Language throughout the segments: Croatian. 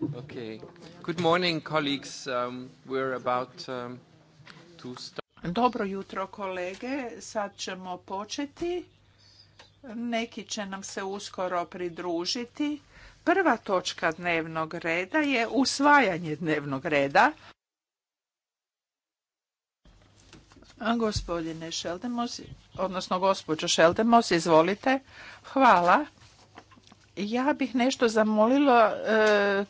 Okay. Good morning, colleagues. Um, um Dobro jutro kolege, sad ćemo početi. Neki će nam se uskoro pridružiti. Prva točka dnevnog reda je usvajanje dnevnog reda. Gospodine Šeldemos, odnosno gospođo Šeldemos, izvolite. Hvala. Ja bih nešto zamolila e,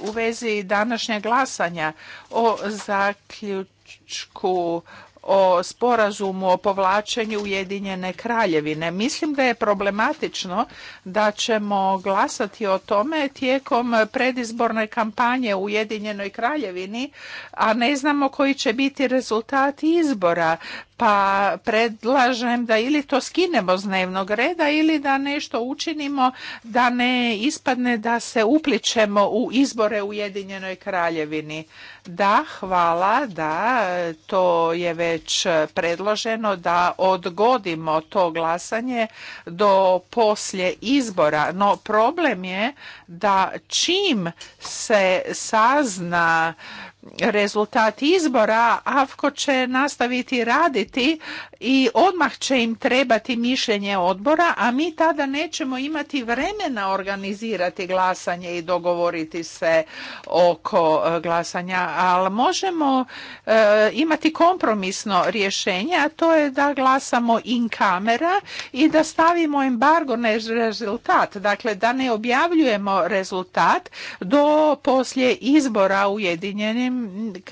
u vezi današnjeg glasanja o zaključku o sporazumu o povlačenju Ujedinjene kraljevine. Mislim da je problematično da ćemo glasati o tome tijekom predizborne kampanje u Ujedinjenoj kraljevini, a ne znamo koji će biti rezultati izbora. Pa predlažem da ili to skinemo s dnevnog reda ili da nešto učinimo da ne ispadne da se upličemo u izbore u Ujedinjenoj kraljevini. Da, hvala, da, to je već predloženo da odgodimo to glasanje do poslije izbora, no problem je da čim se sazna rezultat izbora, AFKO će nastaviti raditi i odmah će im trebati mišljenje odbora, a mi tada nećemo imati vremena organizirati glasanje i dogovoriti se oko e, glasanja, ali možemo e, imati kompromisno rješenje, a to je da glasamo in kamera i da stavimo embargo na rezultat, dakle da ne objavljujemo rezultat do poslije izbora Ujedinjenim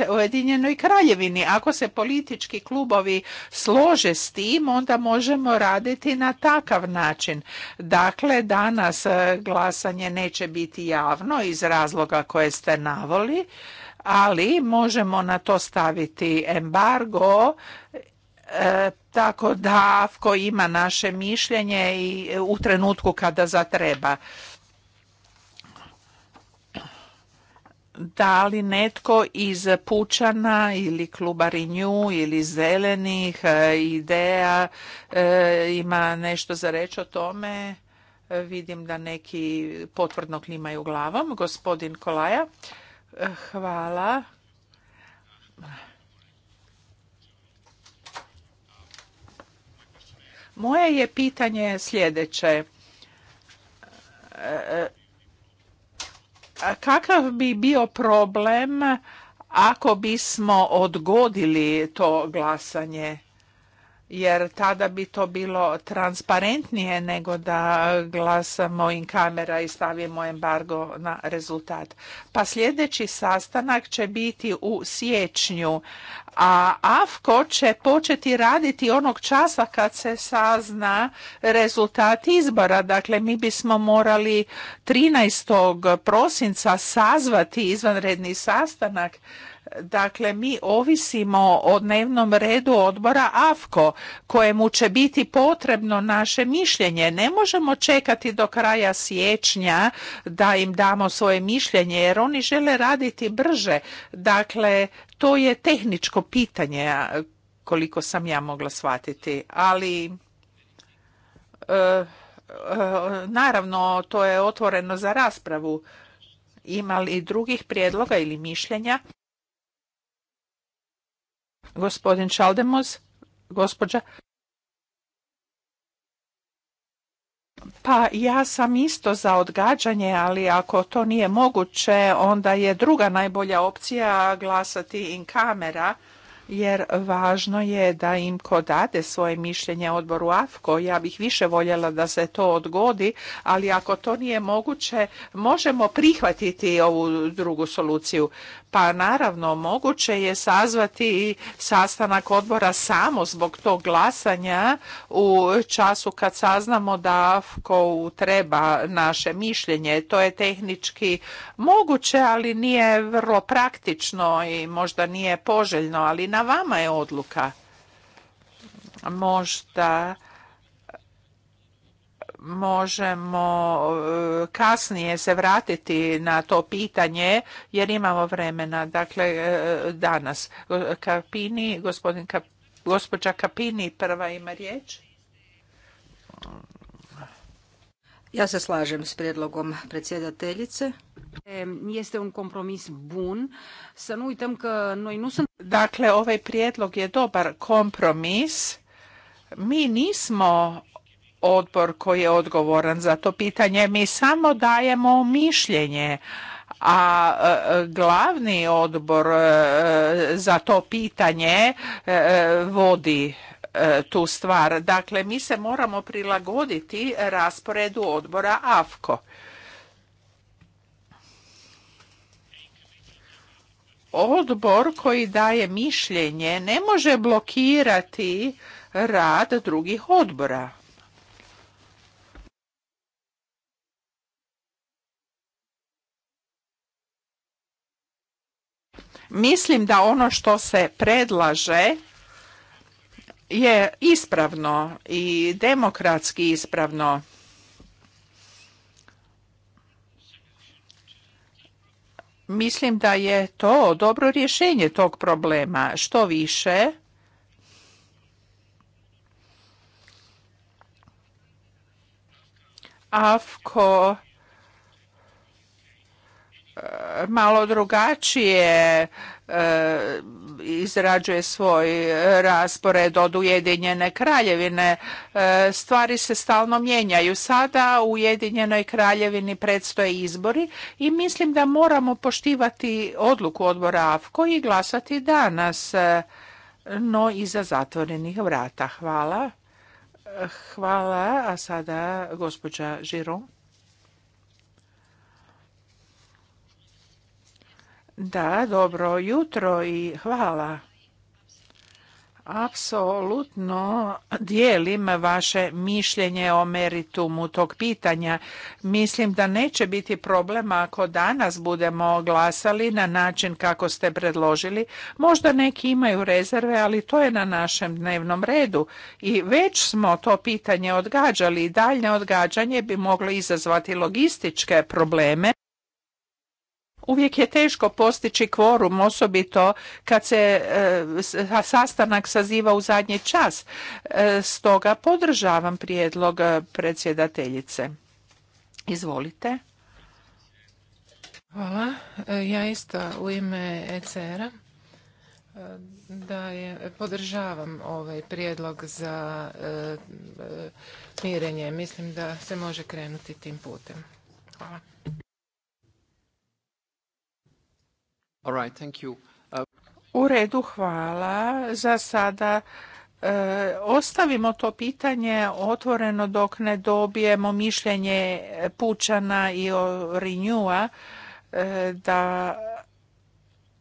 Ujedinjenoj kraljevini. Ako se politički klubovi slože s tim, onda možemo raditi na takav način. Dakle, danas e, glasanje neće biti javno iz razloga koje ste navoli, ali možemo na to staviti embargo e, tako da koji ima naše mišljenje i e, u trenutku kada zatreba. da li netko iz Pučana ili kluba Renew ili Zelenih e, ideja e, ima nešto za reći o tome? E, vidim da neki potvrdno klimaju glavom. Gospodin Kolaja, hvala. Moje je pitanje sljedeće kakav bi bio problem ako bismo odgodili to glasanje? jer tada bi to bilo transparentnije nego da glasamo in kamera i stavimo embargo na rezultat. Pa sljedeći sastanak će biti u siječnju, a AFKO će početi raditi onog časa kad se sazna rezultat izbora. Dakle, mi bismo morali 13. prosinca sazvati izvanredni sastanak Dakle, mi ovisimo o dnevnom redu odbora AFKO, kojemu će biti potrebno naše mišljenje. Ne možemo čekati do kraja siječnja da im damo svoje mišljenje, jer oni žele raditi brže. Dakle, to je tehničko pitanje, koliko sam ja mogla shvatiti. Ali... E, e, naravno to je otvoreno za raspravu. Ima li drugih prijedloga ili mišljenja? Gospodin Čaldemoz, gospođa. Pa ja sam isto za odgađanje, ali ako to nije moguće, onda je druga najbolja opcija glasati in kamera, jer važno je da im ko dade svoje mišljenje odboru AFKO. Ja bih više voljela da se to odgodi, ali ako to nije moguće, možemo prihvatiti ovu drugu soluciju. Pa naravno, moguće je sazvati i sastanak odbora samo zbog tog glasanja u času kad saznamo da ko treba naše mišljenje. To je tehnički moguće, ali nije vrlo praktično i možda nije poželjno, ali na vama je odluka. Možda možemo e, kasnije se vratiti na to pitanje jer imamo vremena. Dakle, e, danas. Kapini, gospodin gospođa Kapini prva ima riječ. Ja se slažem s prijedlogom predsjedateljice. E, jeste un kompromis bun. sa nu Dakle, ovaj prijedlog je dobar kompromis. Mi nismo odbor koji je odgovoran za to pitanje. Mi samo dajemo mišljenje, a e, glavni odbor e, za to pitanje e, vodi tu stvar. Dakle, mi se moramo prilagoditi rasporedu odbora AFKO. Odbor koji daje mišljenje ne može blokirati rad drugih odbora. Mislim da ono što se predlaže je ispravno i demokratski ispravno. Mislim da je to dobro rješenje tog problema. Što više, ako malo drugačije e, izrađuje svoj raspored od Ujedinjene kraljevine. E, stvari se stalno mijenjaju. Sada u Ujedinjenoj kraljevini predstoje izbori i mislim da moramo poštivati odluku odbora AFKO i glasati danas, e, no iza zatvorenih vrata. Hvala. Hvala, a sada gospođa Žiron. Da, dobro jutro i hvala. Apsolutno dijelim vaše mišljenje o meritumu tog pitanja. Mislim da neće biti problema ako danas budemo glasali na način kako ste predložili. Možda neki imaju rezerve, ali to je na našem dnevnom redu. I već smo to pitanje odgađali i daljnje odgađanje bi moglo izazvati logističke probleme. Uvijek je teško postići kvorum, osobito kad se e, sastanak saziva u zadnji čas. E, stoga podržavam prijedlog e, predsjedateljice. Izvolite. Hvala. Ja isto u ime ECR-a da je, podržavam ovaj prijedlog za mirenje. Mislim da se može krenuti tim putem. Hvala. U redu, hvala. Za sada e, ostavimo to pitanje otvoreno dok ne dobijemo mišljenje Pučana i Renewa e, da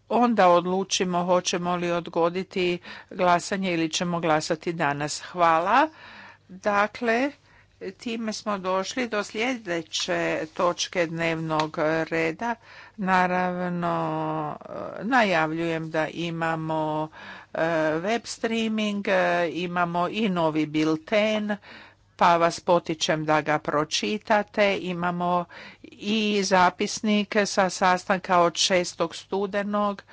onda odlučimo hoćemo li odgoditi glasanje ili ćemo glasati danas. Hvala. Dakle, time smo došli do sljedeće točke dnevnog reda. Naravno, e, najavljujem da imamo e, web streaming, e, imamo i novi bilten, pa vas potičem da ga pročitate. Imamo i zapisnik sa sastanka od 6. studenog,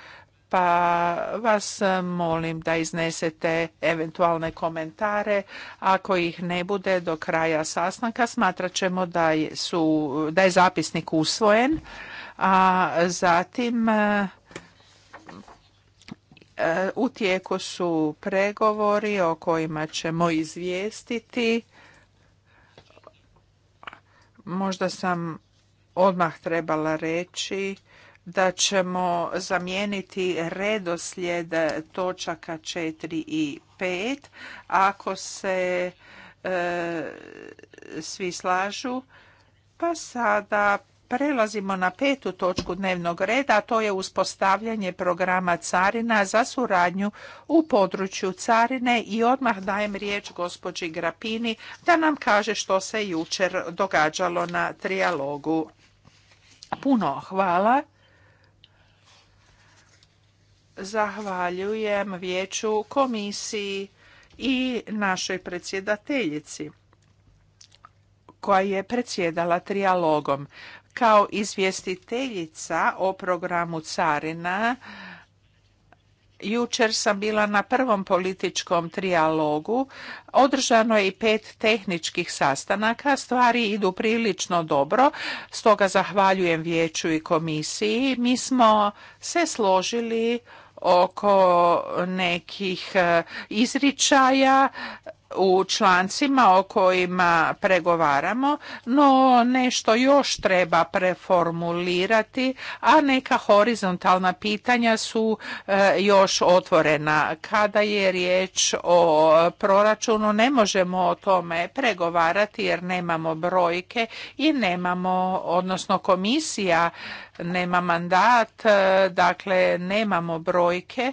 pa vas molim da iznesete eventualne komentare. Ako ih ne bude do kraja sastanka, smatrat ćemo su, da je zapisnik usvojen a zatim e, e, u tijeku su pregovori o kojima ćemo izvijestiti. Možda sam odmah trebala reći da ćemo zamijeniti redoslijed točaka 4 i 5 ako se e, svi slažu. Pa sada Prelazimo na petu točku dnevnog reda, a to je uspostavljanje programa carina za suradnju u području carine i odmah dajem riječ gospođi Grapini da nam kaže što se jučer događalo na trijalogu. Puno hvala. Zahvaljujem vijeću, komisiji i našoj predsjedateljici koja je predsjedala trijalogom. Kao izvjestiteljica o programu Carina, Jučer sam bila na prvom političkom trijalogu. Održano je i pet tehničkih sastanaka. Stvari idu prilično dobro, stoga zahvaljujem vijeću i komisiji. Mi smo se složili oko nekih e, izričaja u člancima o kojima pregovaramo, no nešto još treba preformulirati, a neka horizontalna pitanja su e, još otvorena. Kada je riječ o proračunu, ne možemo o tome pregovarati jer nemamo brojke i nemamo, odnosno komisija nema mandat, e, dakle nemamo brojke.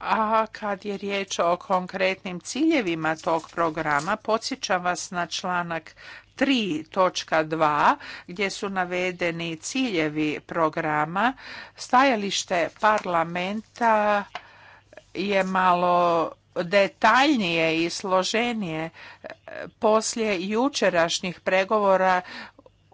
A kad je riječ o konkretnim ciljevima tog programa, podsjećam vas na članak 3.2 gdje su navedeni ciljevi programa. Stajalište parlamenta je malo detaljnije i složenije. Poslije jučerašnjih pregovora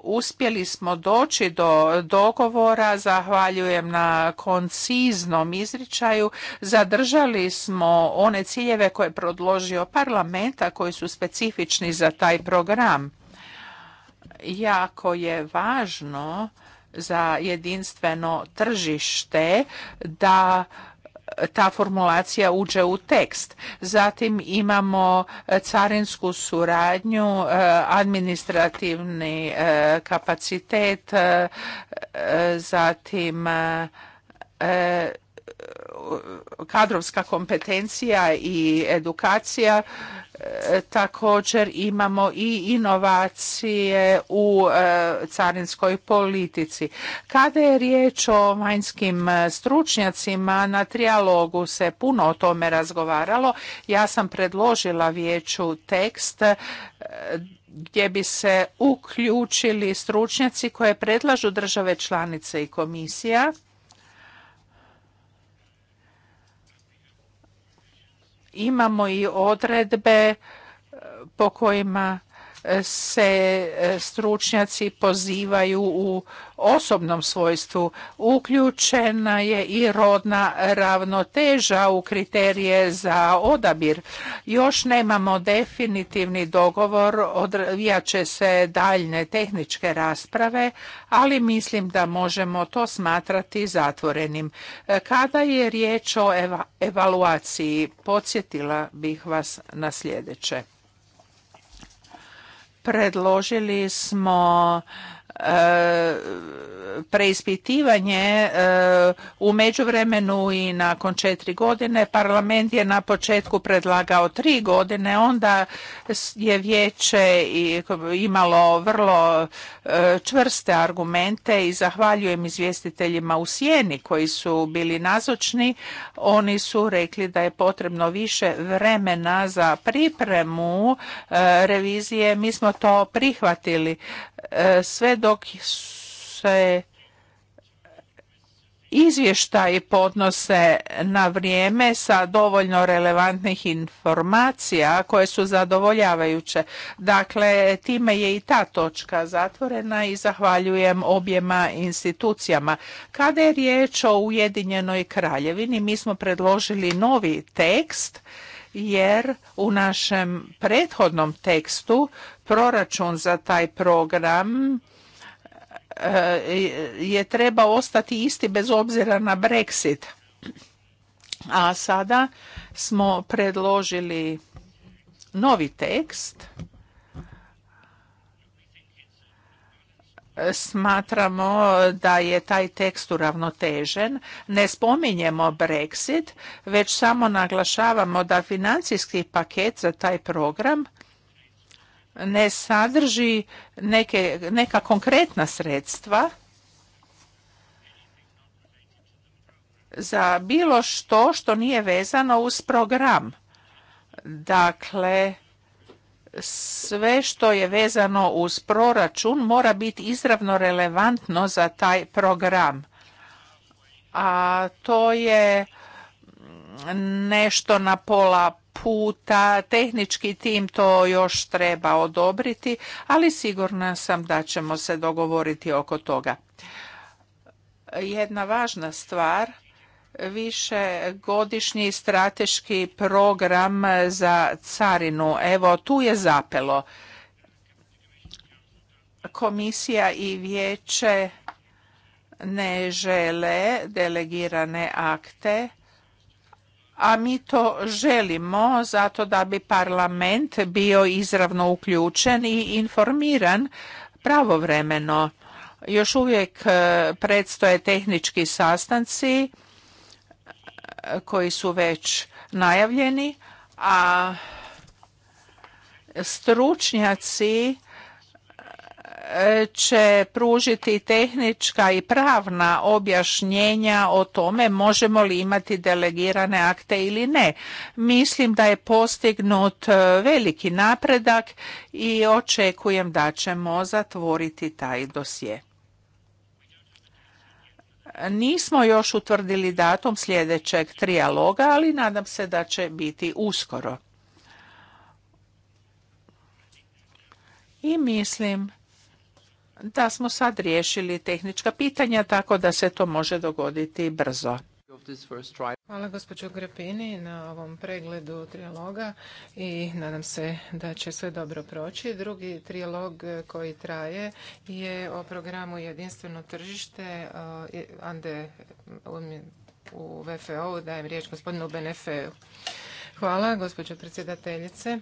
uspjeli smo doći do dogovora, zahvaljujem na konciznom izričaju, zadržali smo one ciljeve koje je predložio parlamenta koji su specifični za taj program. Jako je važno za jedinstveno tržište da ta formulacija uđe u tekst. Zatim imamo e, carinsku suradnju, e, administrativni e, kapacitet, zatim kadrovska kompetencija i edukacija e, također imamo i inovacije u e, carinskoj politici. Kada je riječ o vanjskim e, stručnjacima, na trijalogu se puno o tome razgovaralo. Ja sam predložila vijeću tekst gdje bi se uključili stručnjaci koje predlažu države članice i komisija imamo i odredbe po kojima se e, stručnjaci pozivaju u osobnom svojstvu. Uključena je i rodna ravnoteža u kriterije za odabir. Još nemamo definitivni dogovor, odvijaće se daljne tehničke rasprave, ali mislim da možemo to smatrati zatvorenim. E, kada je riječ o evaluaciji, podsjetila bih vas na sljedeće. Predložili smo E, preispitivanje e, u međuvremenu i nakon četiri godine. Parlament je na početku predlagao tri godine, onda je vijeće imalo vrlo e, čvrste argumente i zahvaljujem izvjestiteljima u sjeni koji su bili nazočni. Oni su rekli da je potrebno više vremena za pripremu revizije. Mi smo to prihvatili. E, sve dok se izvještaji podnose na vrijeme sa dovoljno relevantnih informacija koje su zadovoljavajuće. Dakle, time je i ta točka zatvorena i zahvaljujem objema institucijama. Kada je riječ o Ujedinjenoj kraljevini, mi smo predložili novi tekst jer u našem prethodnom tekstu proračun za taj program eh, je treba ostati isti bez obzira na Brexit. A sada smo predložili novi tekst smatramo da je taj tekst uravnotežen. Ne spominjemo Brexit, već samo naglašavamo da financijski paket za taj program ne sadrži neka konkretna sredstva za bilo što što nije vezano uz program. Dakle, sve što je vezano uz proračun mora biti izravno relevantno za taj program. A to je nešto na pola puta, tehnički tim to još treba odobriti, ali sigurna sam da ćemo se dogovoriti oko toga. Jedna važna stvar više godišnji strateški program za carinu. Evo, tu je zapelo. Komisija i vijeće ne žele delegirane akte, a mi to želimo zato da bi parlament bio izravno uključen i informiran pravovremeno. Još uvijek eh, predstoje tehnički sastanci koji su već najavljeni, a stručnjaci e, će pružiti tehnička i pravna objašnjenja o tome možemo li imati delegirane akte ili ne. Mislim da je postignut e, veliki napredak i očekujem da ćemo zatvoriti taj dosje. Nismo još utvrdili datum sljedećeg trijaloga, ali nadam se da će biti uskoro. I mislim da smo sad riješili tehnička pitanja tako da se to može dogoditi brzo. Hvala gospođo Grapini na ovom pregledu trijaloga i nadam se da će sve dobro proći. Drugi trijalog koji traje je o programu Jedinstveno tržište e, Ande u VFO-u. Dajem riječ gospodinu Benefeu. Hvala, gospođo predsjedateljice.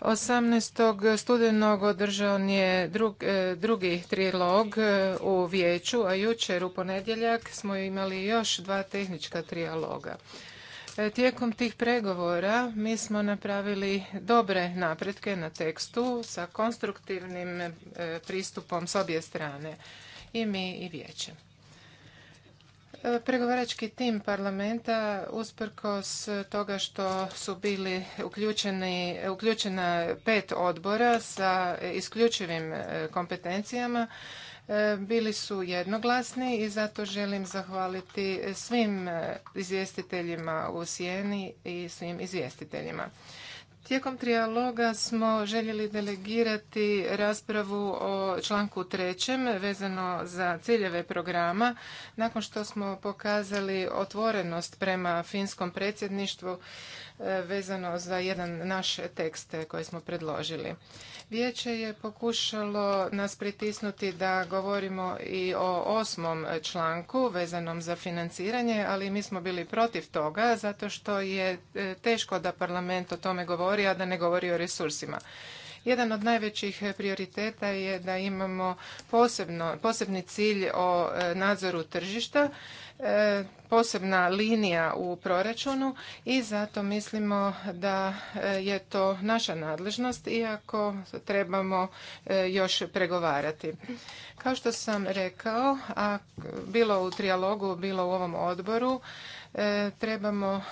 18. studenog održan je e, drugi trilog e, u vijeću, a jučer u ponedjeljak smo imali još dva tehnička triloga. E, tijekom tih pregovora mi smo napravili dobre napretke na tekstu sa konstruktivnim pristupom s obje strane i mi i vijeće. Pregovarački tim parlamenta, usprkos toga što su bili uključeni, uključena pet odbora sa isključivim e, kompetencijama, e, bili su jednoglasni i zato želim zahvaliti svim e, izvjestiteljima u sjeni i svim izvjestiteljima. Tijekom trijaloga smo željeli delegirati raspravu o članku trećem vezano za ciljeve programa. Nakon što smo pokazali otvorenost prema finskom predsjedništvu e, vezano za jedan naš tekst e, koji smo predložili. Vijeće je pokušalo nas pritisnuti da govorimo i o osmom članku vezanom za financiranje, ali mi smo bili protiv toga zato što je e, teško da parlament o tome govori, a da ne govori o resursima. Jedan od najvećih prioriteta je da imamo posebno, posebni cilj o e, nadzoru tržišta, e, posebna linija u proračunu i zato mislimo da e, je to naša nadležnost iako trebamo još pregovarati. Kao što sam rekao, a bilo u trijalogu, bilo u ovom odboru, E, trebamo e,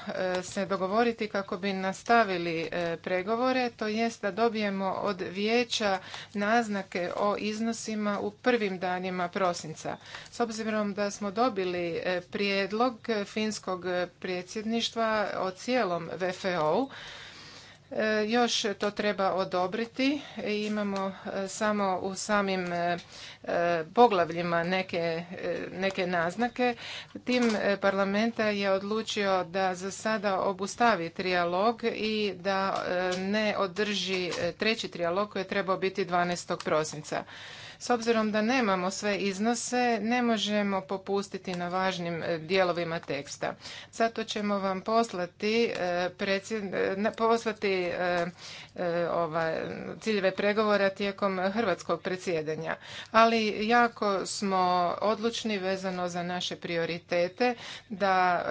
se dogovoriti kako bi nastavili e, pregovore, to jest da dobijemo od vijeća naznake o iznosima u prvim danima prosinca. S obzirom da smo dobili prijedlog finskog predsjedništva o cijelom VFO-u, E, još to treba odobriti. Imamo e, samo u samim e, poglavljima neke, neke naznake. Tim parlamenta je odlučio da za sada obustavi trijalog i da ne održi treći trijalog koji je trebao biti 12. prosinca. S obzirom da nemamo sve iznose, ne možemo popustiti na važnim e, dijelovima teksta. Zato ćemo vam poslati, e, e, poslati ova, ciljeve pregovora tijekom hrvatskog predsjedanja. Ali jako smo odlučni vezano za naše prioritete da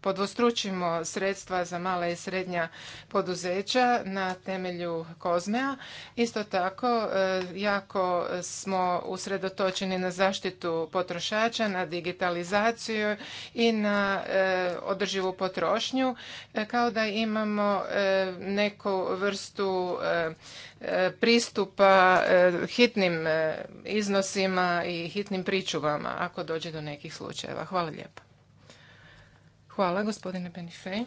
podvostručimo sredstva za mala i srednja poduzeća na temelju Kozmea. Isto tako jako smo usredotočeni na zaštitu potrošača, na digitalizaciju i na e, održivu potrošnju, e, kao da imamo e, neku vrstu pristupa hitnim iznosima i hitnim pričuvama ako dođe do nekih slučajeva. Hvala lijepo. Hvala gospodine Benifej.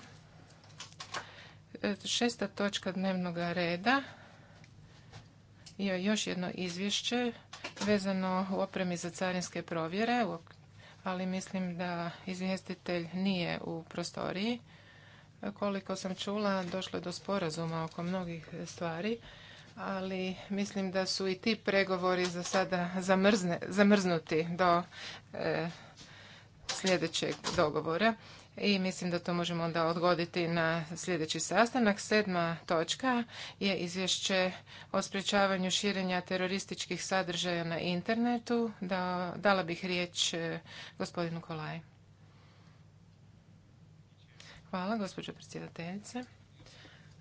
Šesta točka dnevnog reda je još jedno izvješće vezano u opremi za carinske provjere, ali mislim da izvjestitelj nije u prostoriji. Koliko sam čula, došlo je do sporazuma oko mnogih stvari, ali mislim da su i ti pregovori za sada zamrznuti do eh, sljedećeg dogovora i mislim da to možemo onda odgoditi na sljedeći sastanak. Sedma točka je izvješće o sprječavanju širenja terorističkih sadržaja na internetu. Da, dala bih riječ e, gospodinu Kolaj. Hvala, gospođo predsjedateljice.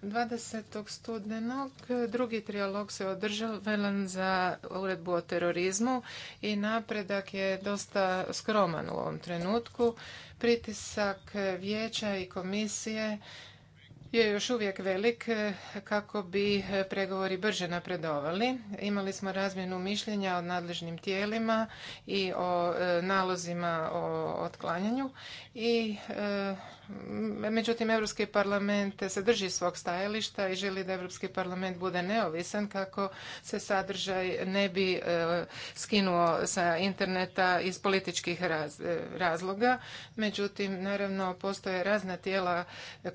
20. studenog drugi trijalog se održao velan za uredbu o terorizmu i napredak je dosta skroman u ovom trenutku. Pritisak vijeća i komisije je još uvijek velik kako bi pregovori brže napredovali. Imali smo razmjenu mišljenja o nadležnim tijelima i o e, nalozima o otklanjanju i e, Međutim, Europski parlament se drži svog stajališta i želi da Europski parlament bude neovisan kako se sadržaj ne bi e, skinuo sa interneta iz političkih e, razloga. Međutim, naravno, postoje razna tijela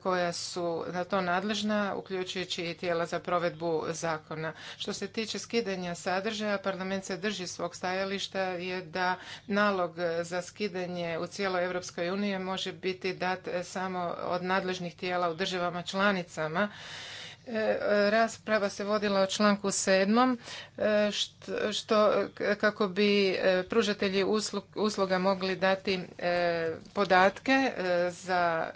koja su na to nadležna, uključujući i tijela za provedbu zakona. Što se tiče skidanja sadržaja, parlament se drži svog stajališta je da nalog za skidanje u cijeloj Europskoj uniji može biti dat samo od nadležnih tijela u državama članicama. E, rasprava se vodila o članku 7. E, što, kako bi e, pružatelji usluga mogli dati podatke za,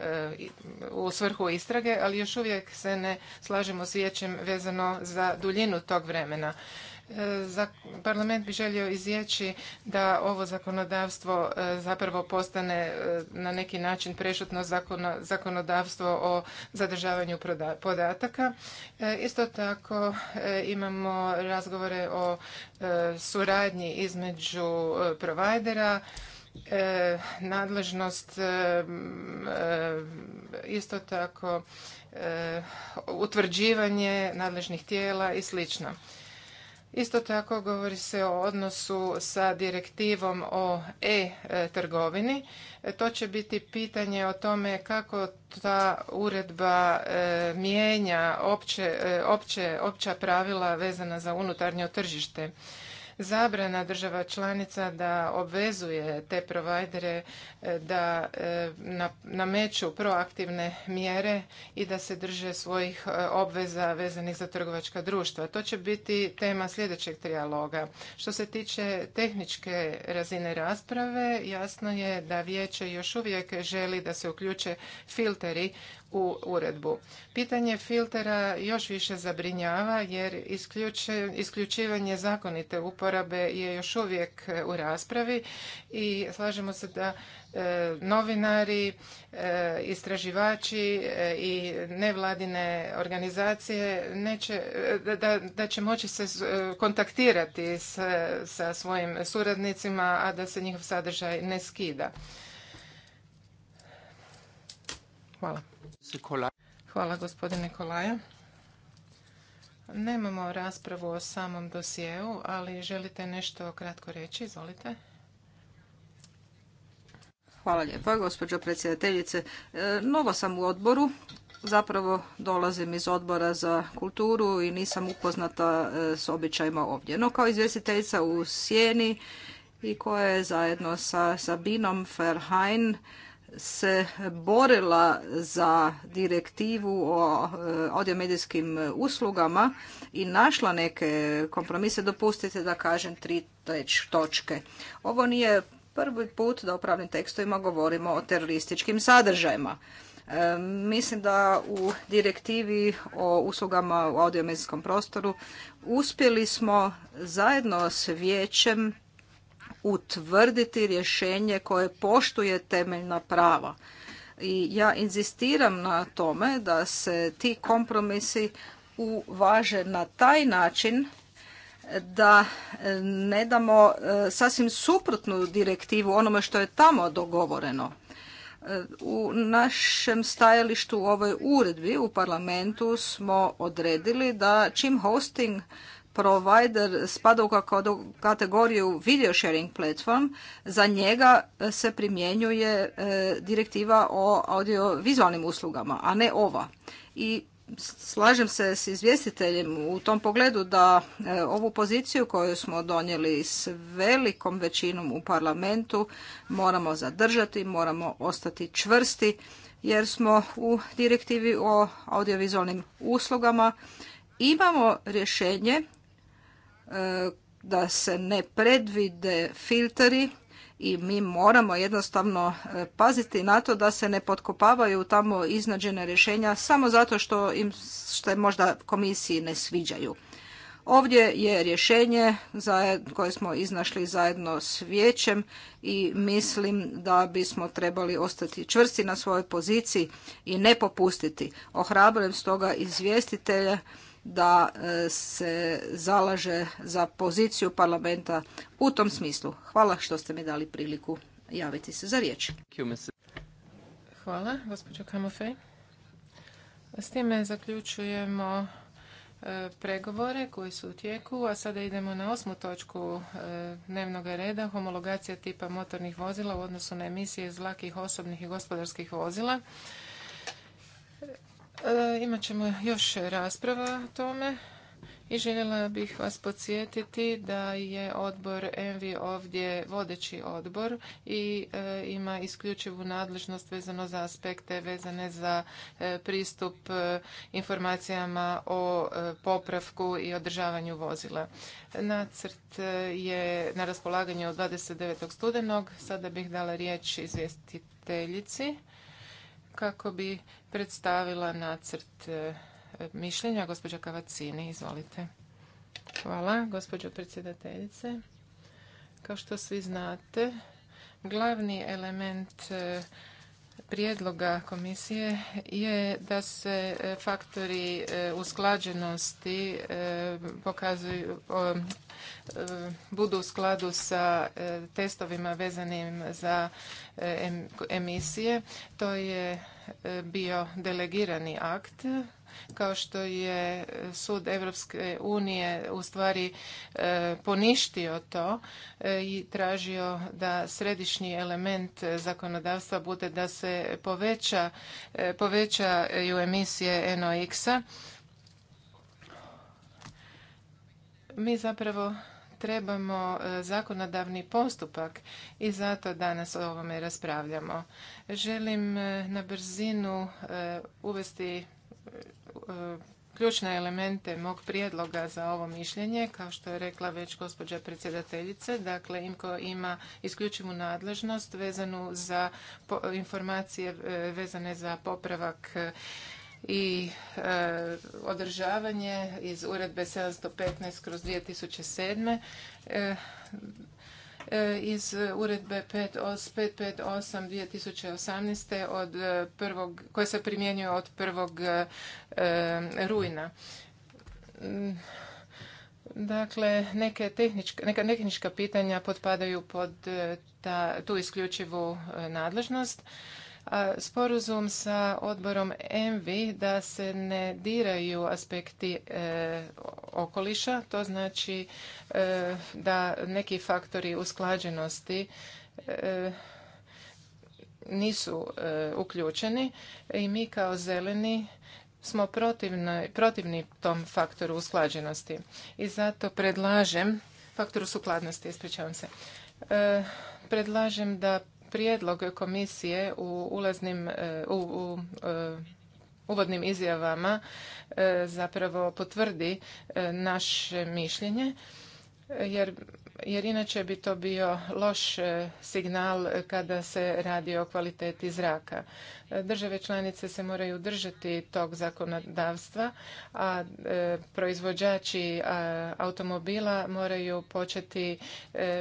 u svrhu istrage, ali još uvijek se ne slažemo s vijećem vezano za duljinu tog vremena. Parlament bi želio izjeći da ovo zakonodavstvo e, zapravo postane e, na neki način prešutno zakonodavstvo o zadržavanju podataka. E, isto tako imamo razgovore o suradnji između provajdera, nadležnost isto tako utvrđivanje nadležnih tijela i slično. Isto tako govori se o odnosu sa direktivom o e-trgovini. E, to će biti pitanje o tome kako ta uredba e, mijenja e, opća pravila vezana za unutarnje tržište zabrana država članica da obvezuje te provajdere e, da e, nameću proaktivne mjere i da se drže svojih e, obveza vezanih za trgovačka društva. To će biti tema sljedećeg trijaloga. Što se tiče tehničke razine rasprave, jasno je da vijeće još uvijek želi da se uključe filteri u uredbu. Pitanje filtera još više zabrinjava jer isključivanje zakonite uporabe je još uvijek e, u raspravi i slažemo se da e, novinari, e, istraživači i nevladine organizacije neće, da, da će moći se kontaktirati s, sa svojim suradnicima, a da se njihov sadržaj ne skida. Hvala. Hvala gospodine Kolaja. Nemamo raspravu o samom dosjeu, ali želite nešto kratko reći? Izvolite. Hvala lijepa, gospođo predsjedateljice. E, novo sam u odboru. Zapravo dolazim iz odbora za kulturu i nisam upoznata e, s običajima ovdje. No kao izvjestiteljica u Sjeni i koja je zajedno sa Sabinom Ferhajn se borila za direktivu o e, audiomedijskim uslugama i našla neke kompromise, dopustite da kažem tri točke. Ovo nije prvi put da u pravnim tekstovima govorimo o terorističkim sadržajima. E, mislim da u direktivi o uslugama u audiomedijskom prostoru uspjeli smo zajedno s vijećem utvrditi rješenje koje poštuje temeljna prava. I ja inzistiram na tome da se ti kompromisi uvaže na taj način da ne damo e, sasvim suprotnu direktivu onome što je tamo dogovoreno. E, u našem stajalištu u ovoj uredbi u parlamentu smo odredili da čim hosting provider spada u kategoriju video sharing platform, za njega e, se primjenjuje e, direktiva o audiovizualnim uslugama, a ne ova. I slažem se s izvjestiteljem u tom pogledu da e, ovu poziciju koju smo donijeli s velikom većinom u parlamentu moramo zadržati, moramo ostati čvrsti jer smo u direktivi o audiovizualnim uslugama imamo rješenje da se ne predvide filteri i mi moramo jednostavno e, paziti na to da se ne potkopavaju tamo iznađene rješenja samo zato što im što možda komisiji ne sviđaju. Ovdje je rješenje koje smo iznašli zajedno s vijećem i mislim da bismo trebali ostati čvrsti na svojoj poziciji i ne popustiti. Ohrabrujem stoga izvjestitelje da e, se zalaže za poziciju parlamenta u tom smislu. Hvala što ste mi dali priliku javiti se za riječ. Hvala, gospođo Kamofej. S time zaključujemo e, pregovore koji su u tijeku, a sada idemo na osmu točku e, dnevnog reda, homologacija tipa motornih vozila u odnosu na emisije zlakih osobnih i gospodarskih vozila. E, imat ćemo još rasprava o tome i željela bih vas podsjetiti da je odbor ENVI ovdje vodeći odbor i e, ima isključivu nadležnost vezano za aspekte vezane za e, pristup informacijama o popravku i održavanju vozila. Nacrt je na raspolaganju od 29. studenog. Sada bih dala riječ izvjestiteljici kako bi predstavila nacrt e, mišljenja. Gospođa Kavacini, izvolite. Hvala, gospođo predsjedateljice. Kao što svi znate, glavni element e, prijedloga komisije je da se e, faktori e, usklađenosti e, pokazuju budu u skladu sa testovima vezanim za emisije. To je bio delegirani akt kao što je e, sud Europske unije u stvari e, poništio to e, i tražio da središnji element zakonodavstva bude da se poveća, povećaju emisije NOx-a. Mi zapravo trebamo zakonodavni postupak i zato danas o ovome raspravljamo. Želim na brzinu uvesti E, ključne elemente mog prijedloga za ovo mišljenje, kao što je rekla već gospođa predsjedateljice, dakle IMKO ima isključivu nadležnost vezanu za informacije e, vezane za popravak e, i održavanje iz uredbe 715 kroz 2007. E, E, iz uredbe 558 2018. Od e, prvog, koja se primjenjuje od 1. E, rujna. Mm, dakle, neke tehnička, neka tehnička pitanja potpadaju pod ta, tu isključivu nadležnost sporazum sa odborom ENVI da se ne diraju aspekti e, okoliša, to znači e, da neki faktori usklađenosti e, nisu uključeni i mi kao zeleni smo protivni, protivni tom faktoru usklađenosti i zato predlažem faktoru sukladnosti, ispričavam se, predlažem da prijedlog komisije u ulaznim e, u, u e, uvodnim izjavama e, zapravo potvrdi naše mišljenje jer jer inače bi to bio loš e, signal kada se radi o kvaliteti zraka. E, države članice se moraju držati tog zakonodavstva, a e, proizvođači automobila moraju početi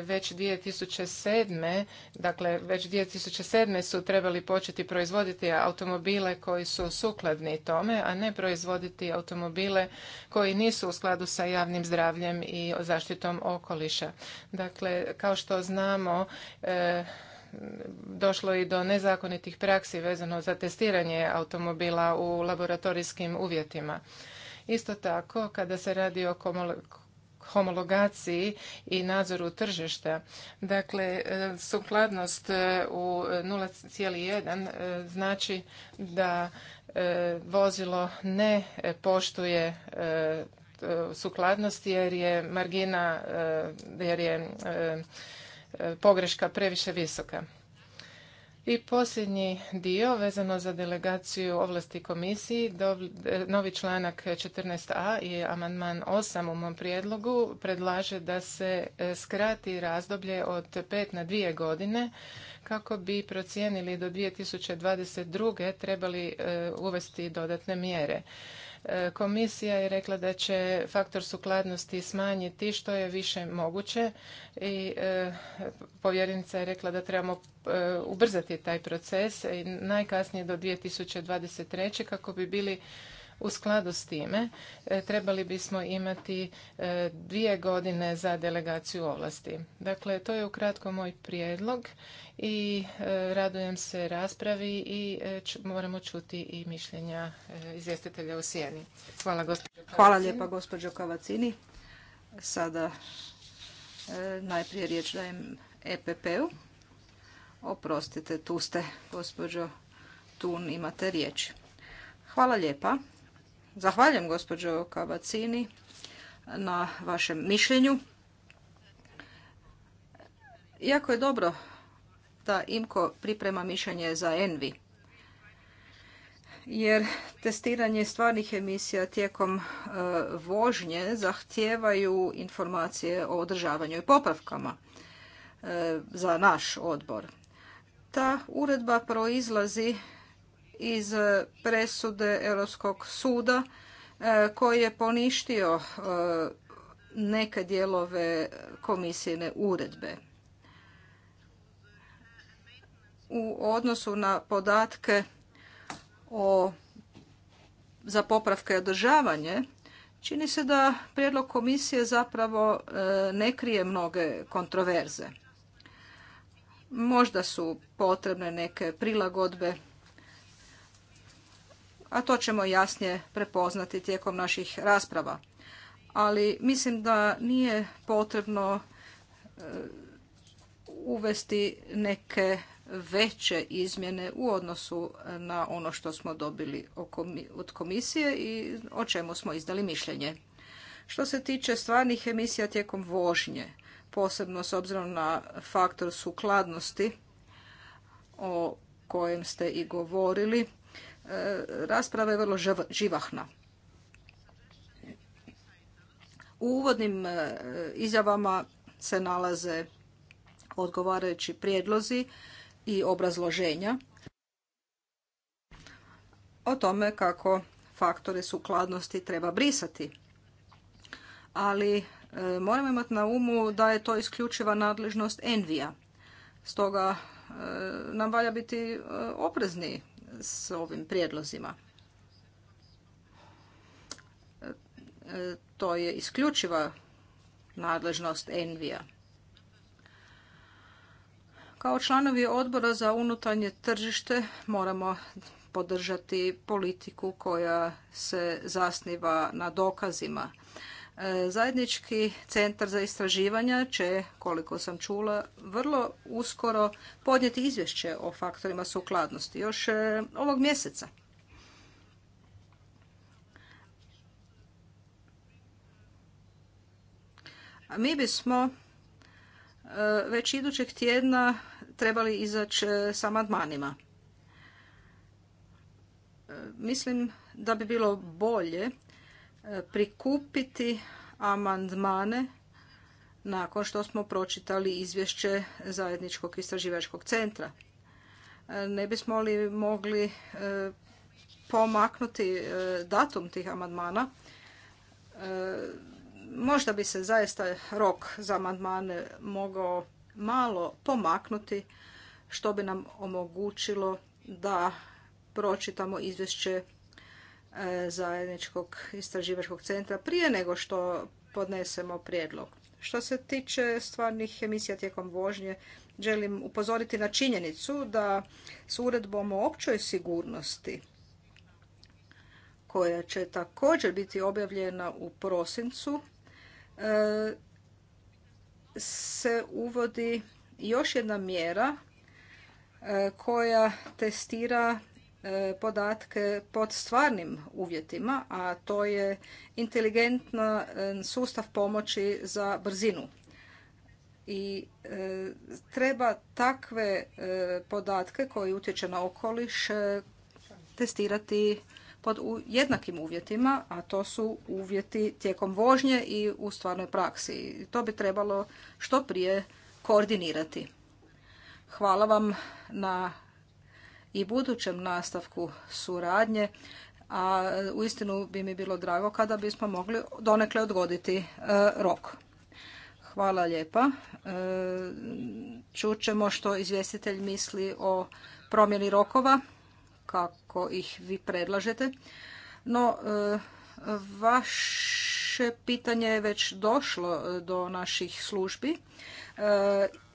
već 2007. Dakle, već 2007. su trebali početi proizvoditi automobile koji su sukladni tome, a ne proizvoditi automobile koji nisu u skladu sa javnim zdravljem i zaštitom okoliša. Dakle, kao što znamo, e, došlo i do nezakonitih praksi vezano za testiranje automobila u laboratorijskim uvjetima. Isto tako, kada se radi o homologaciji i nadzoru tržišta. Dakle, e, sukladnost e, u 0,1 znači da vozilo ne poštuje E, sukladnosti jer je margina, e, jer je e, pogreška previše visoka. I posljednji dio vezano za delegaciju ovlasti komisiji, novi članak 14a i amandman 8 u mom prijedlogu predlaže da se skrati razdoblje od 5 na 2 godine kako bi procijenili do 2022. trebali uvesti dodatne mjere. E, komisija je rekla da će faktor sukladnosti smanjiti što je više moguće i e, povjerenica je rekla da trebamo e, ubrzati taj proces najkasnije do 2023. kako bi bili u skladu s time e, trebali bismo imati e, dvije godine za delegaciju ovlasti. Dakle, to je ukratko moj prijedlog i e, radujem se raspravi i moramo čuti i mišljenja izvjestitelja u sjeni. Hvala gospođo Hvala lijepa gospođo Kavacini. Sada najprije riječ dajem EPP-u. Oprostite, tu ste, gospođo Tun, imate riječ. Hvala lijepa. Zahvaljujem gospođo Kabacini na vašem mišljenju. Jako je dobro da IMKO priprema mišljenje za ENVI, jer testiranje stvarnih emisija tijekom e, vožnje zahtijevaju informacije o održavanju i popravkama e, za naš odbor. Ta uredba proizlazi iz e, presude Europskog suda e, koji je poništio e, neke dijelove komisijne uredbe. U odnosu na podatke o za popravke i održavanje, čini se da prijedlog komisije zapravo ne krije mnoge kontroverze. Možda su potrebne neke prilagodbe a to ćemo jasnije prepoznati tijekom naših rasprava. Ali mislim da nije potrebno e, uvesti neke veće izmjene u odnosu na ono što smo dobili od komisije i o čemu smo izdali mišljenje. Što se tiče stvarnih emisija tijekom vožnje, posebno s obzirom na faktor sukladnosti o kojem ste i govorili, rasprava je vrlo živahna. U uvodnim e, izjavama se nalaze odgovarajući prijedlozi i obrazloženja o tome kako faktore sukladnosti treba brisati. Ali e, moramo imati na umu da je to isključiva nadležnost Envija. Stoga e, nam valja biti oprezni s ovim prijedlozima. To je isključiva nadležnost Envija. Kao članovi odbora za unutarnje tržište moramo podržati politiku koja se zasniva na dokazima E, zajednički centar za istraživanja će, koliko sam čula, vrlo uskoro podnijeti izvješće o faktorima sukladnosti, još e, ovog mjeseca. mi bismo e, već idućeg tjedna trebali izaći sa amandmanima. Mislim da bi bilo bolje E, prikupiti amandmane nakon što smo pročitali izvješće Zajedničkog istraživačkog centra. E, ne bismo li mogli e, pomaknuti datum tih amandmana? Možda bi se zaista rok za amandmane mogao malo pomaknuti, što bi nam omogućilo da pročitamo izvješće E, zajedničkog istraživačkog centra prije nego što podnesemo prijedlog. Što se tiče stvarnih emisija tijekom vožnje, želim upozoriti na činjenicu da s uredbom o općoj sigurnosti koja će također biti objavljena u prosincu e, se uvodi još jedna mjera e, koja testira E, podatke pod stvarnim uvjetima, a to je inteligentna e, sustav pomoći za brzinu. I e, treba takve podatke koji utječe na okoliš testirati pod jednakim uvjetima, a to su uvjeti tijekom vožnje i u stvarnoj praksi. To bi trebalo što prije koordinirati. Hvala vam na i budućem nastavku suradnje, a uistinu bi mi bilo drago kada bismo mogli donekle odgoditi e, rok. Hvala lijepa. E, Čućemo što izvjestitelj misli o promjeni rokova, kako ih vi predlažete. No, e, vaše pitanje je već došlo do naših službi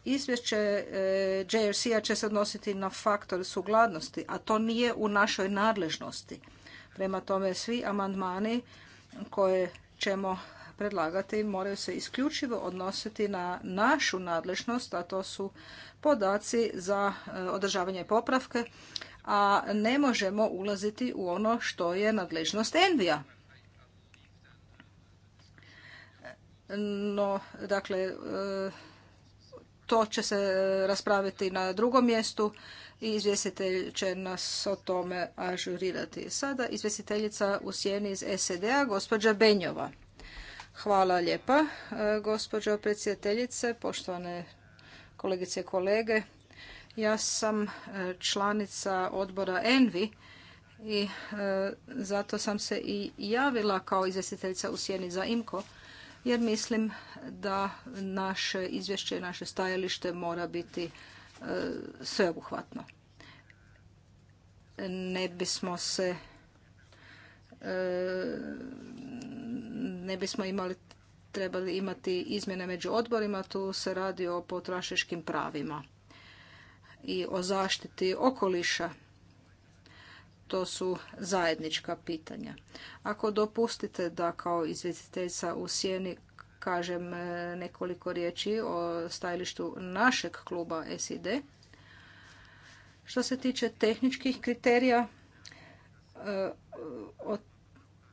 Izvješće e, JRC-a će se odnositi na faktor sugladnosti, a to nije u našoj nadležnosti. Prema tome, svi amandmani koje ćemo predlagati moraju se isključivo odnositi na našu nadležnost, a to su podaci za e, održavanje popravke, a ne možemo ulaziti u ono što je nadležnost Envija. No, dakle, e, to će se e, raspraviti na drugom mjestu i izvjestitelj će nas o tome ažurirati. Sada izvjestiteljica u sjeni iz SED-a, gospođa Benjova. Hvala lijepa, e, gospođo predsjedateljice, poštovane kolegice i kolege. Ja sam e, članica odbora ENVI i zato sam se i javila kao izvjestiteljica u sjeni za IMKO jer mislim da naše izvješće i naše stajalište mora biti e, sveobuhvatno. Ne bismo se e, ne bismo imali trebali imati izmjene među odborima, tu se radi o potrošačkim pravima i o zaštiti okoliša to su zajednička pitanja. Ako dopustite da kao izvjestiteljica u sjeni kažem e, nekoliko riječi o stajalištu našeg kluba SID. Što se tiče tehničkih kriterija, e, o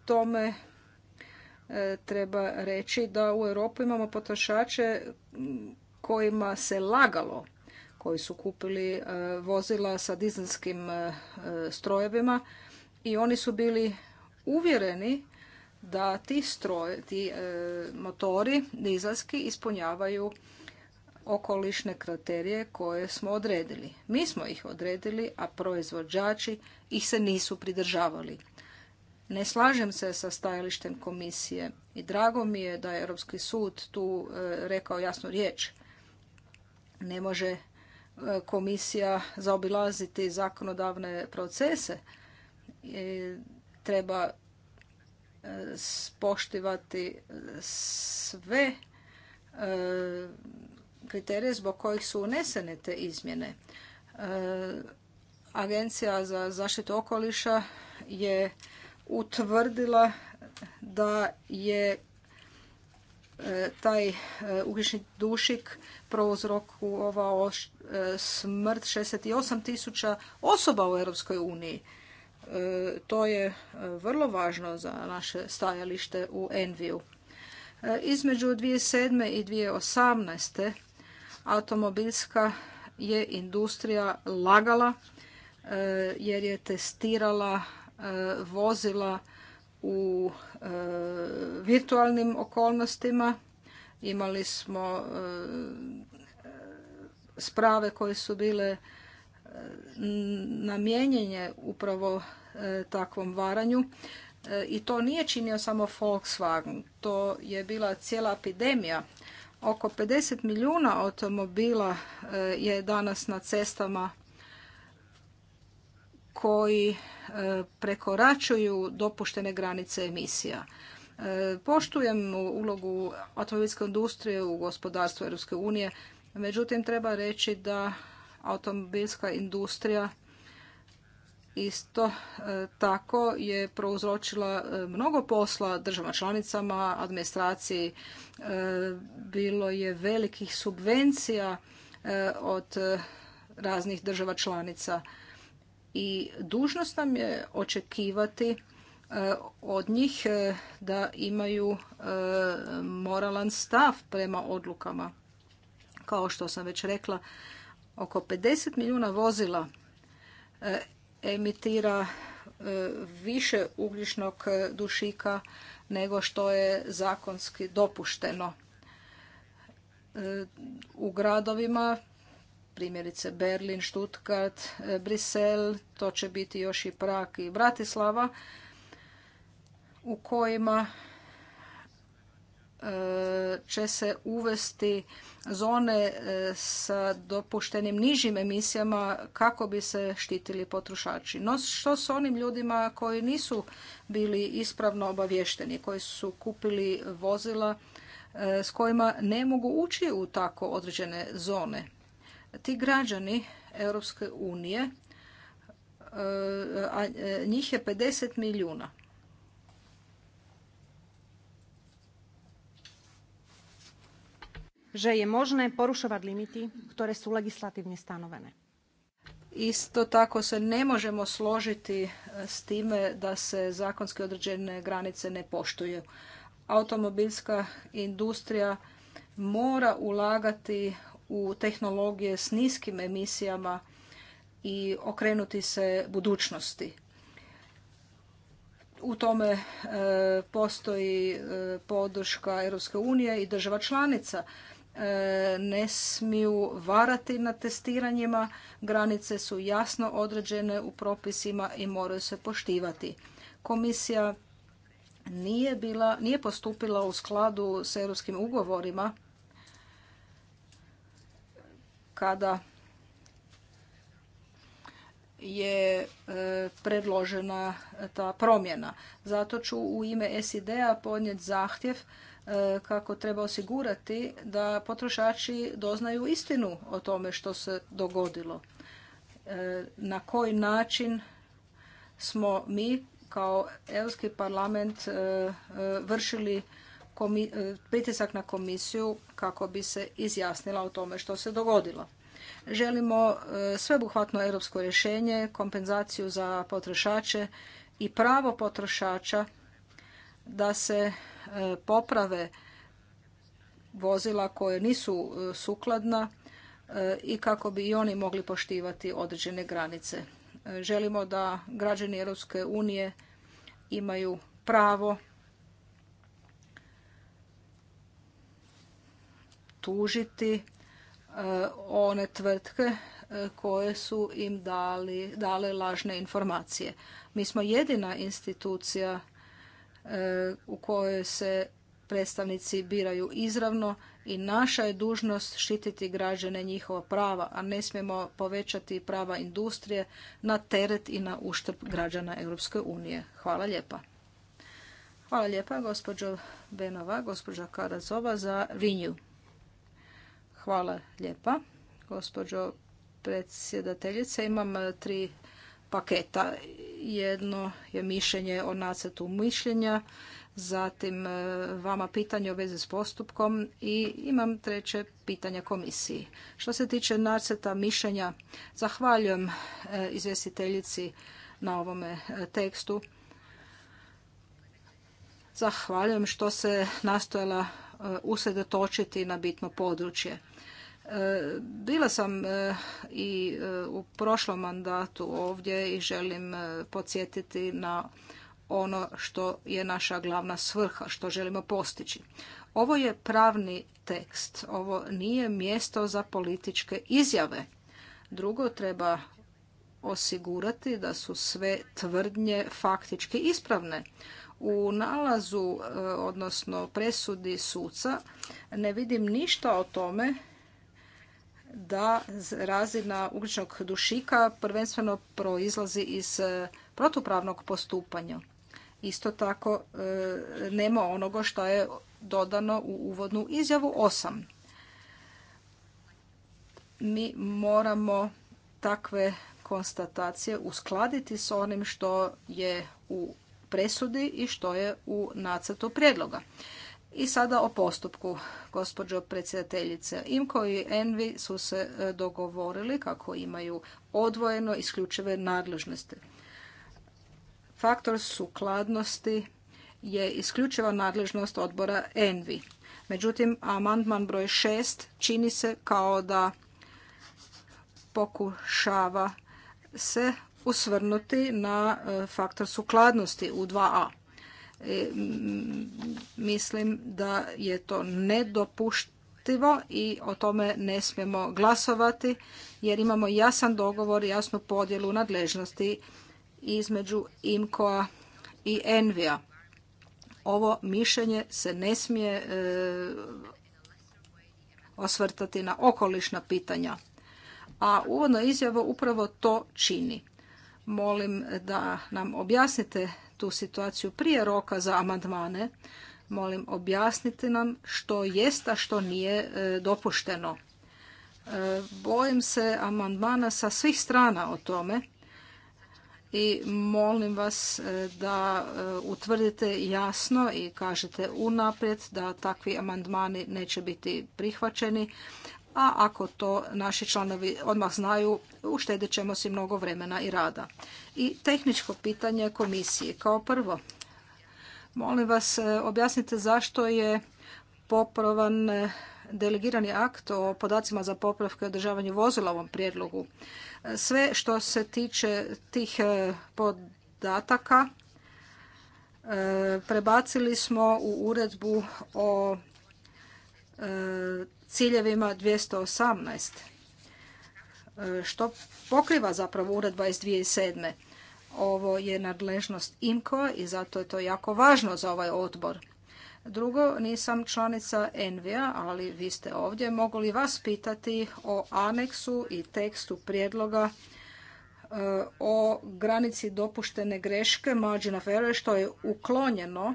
tome e, treba reći da u Europi imamo potrošače kojima se lagalo koji su kupili e, vozila sa dizelskim e, strojevima i oni su bili uvjereni da ti ti e, motori dizelski ispunjavaju okolišne kriterije koje smo odredili. Mi smo ih odredili, a proizvođači ih se nisu pridržavali. Ne slažem se sa stajalištem komisije i drago mi je da je Europski sud tu rekao jasnu riječ. Ne može komisija zaobilaziti zakonodavne procese. Treba e, poštivati sve e, kriterije zbog kojih su unesene te izmjene. E, Agencija za zaštitu okoliša je utvrdila da je taj e, ugljični dušik prouzrokovao e, smrt 68 tisuća osoba u Europskoj uniji. E, to je vrlo važno za naše stajalište u Enviju. Između 2007. i 2018. automobilska je industrija lagala jer je testirala vozila u E, virtualnim okolnostima. Imali smo e, sprave koje su bile e, namijenjene upravo takvom varanju. I to nije činio samo Volkswagen, to je bila cijela epidemija. Oko 50 milijuna automobila je danas na cestama koji prekoračuju dopuštene granice emisija. E, poštujem ulogu automobilske industrije u gospodarstvu Europske unije, međutim treba reći da automobilska industrija isto e, tako je prouzročila e, mnogo posla državama članicama, administraciji, bilo je velikih subvencija od raznih država članica i dužnost nam je očekivati e, od njih e, da imaju e, moralan stav prema odlukama. Kao što sam već rekla, oko 50 milijuna vozila emitira više ugljičnog dušika nego što je zakonski dopušteno. U gradovima primjerice Berlin, Stuttgart, e, Brisel, to će biti još i Prag i Bratislava, u kojima e, će se uvesti zone e, sa dopuštenim nižim emisijama kako bi se štitili potrošači. No što s onim ljudima koji nisu bili ispravno obavješteni, koji su kupili vozila s kojima ne mogu ući u tako određene zone? ti građani Europske unije, e, a e, njih je 50 milijuna. že je možné porušovať limity, ktoré sú legislatívne stanovené. Isto tako se ne možemo složiti e, s time da se zakonske određene granice ne poštuju. Automobilska industrija mora ulagati u tehnologije s niskim emisijama i okrenuti se budućnosti. U tome e, postoji e, podrška Europske unije i država članica. E, ne smiju varati na testiranjima, granice su jasno određene u propisima i moraju se poštivati. Komisija nije, bila, nije postupila u skladu s europskim ugovorima kada je e, predložena ta promjena. Zato ću u ime SID-a podnijeti zahtjev e, kako treba osigurati da potrošači doznaju istinu o tome što se dogodilo. E, na koji način smo mi kao Europski parlament vršili pritisak na komisiju kako bi se izjasnila o tome što se dogodilo. Želimo e, sveobuhvatno europsko rješenje, kompenzaciju za potrošače i pravo potrošača da se e, poprave vozila koje nisu e, sukladna i kako bi i oni mogli poštivati određene granice. Želimo da građani Europske unije imaju pravo tužiti e, one tvrtke e, koje su im dali, dale lažne informacije. Mi smo jedina institucija e, u kojoj se predstavnici biraju izravno i naša je dužnost štititi građane njihova prava, a ne smijemo povećati prava industrije na teret i na uštrb građana Europske unije. Hvala lijepa. Hvala lijepa gospođo Benova, gospođo Karazova za Renew. Hvala lijepa, gospođo predsjedateljice. Imam e, tri paketa. Jedno je mišljenje o nacrtu mišljenja, zatim e, vama pitanje u vezi s postupkom i imam treće pitanje komisiji. Što se tiče nacrta mišljenja, zahvaljujem e, izvjestiteljici na ovome tekstu. Zahvaljujem što se nastojala usredotočiti na bitno područje. E, bila sam e, i e, u prošlom mandatu ovdje i želim podsjetiti na ono što je naša glavna svrha, što želimo postići. Ovo je pravni tekst, ovo nije mjesto za političke izjave. Drugo, treba osigurati da su sve tvrdnje faktički ispravne. U nalazu, odnosno presudi suca, ne vidim ništa o tome da razina ugljičnog dušika prvenstveno proizlazi iz e, protupravnog postupanja. Isto tako e, nema onoga što je dodano u uvodnu izjavu 8. Mi moramo takve konstatacije uskladiti s onim što je u presudi i što je u nacrtu prijedloga. I sada o postupku, gospođo predsjedateljice. Imko i ENVI su se e, dogovorili kako imaju odvojeno isključive nadležnosti. Faktor sukladnosti je isključiva nadležnost odbora ENVI. Međutim, amandman broj 6 čini se kao da pokušava se usvrnuti na e, faktor sukladnosti u 2a. E, mislim da je to nedopuštivo i o tome ne smijemo glasovati jer imamo jasan dogovor, jasnu podjelu nadležnosti između IMkoa a i Envia. Ovo mišljenje se ne smije e, osvrtati na okolišna pitanja. A uvodno izjavo upravo to čini. Molim da nam objasnite tu situaciju prije roka za amandmane. Molim, objasnite nam što jest, a što nije e, dopušteno. E, bojim se amandmana sa svih strana o tome i molim vas e, da utvrdite jasno i kažete unaprijed da takvi amandmani neće biti prihvaćeni, a ako to naši članovi odmah znaju, uštedit ćemo si mnogo vremena i rada. I tehničko pitanje komisije. Kao prvo, molim vas e, objasnite zašto je poprovan e, delegirani akt o podacima za popravke i održavanje vozila u ovom prijedlogu. E, sve što se tiče tih podataka prebacili smo u uredbu o ciljevima 218 e, što pokriva zapravo uredba iz 2007. Ovo je nadležnost IMCO i zato je to jako važno za ovaj odbor. Drugo, nisam članica Envija, ali vi ste ovdje. Mogu li vas pitati o aneksu i tekstu prijedloga e, o granici dopuštene greške margin of error, što je uklonjeno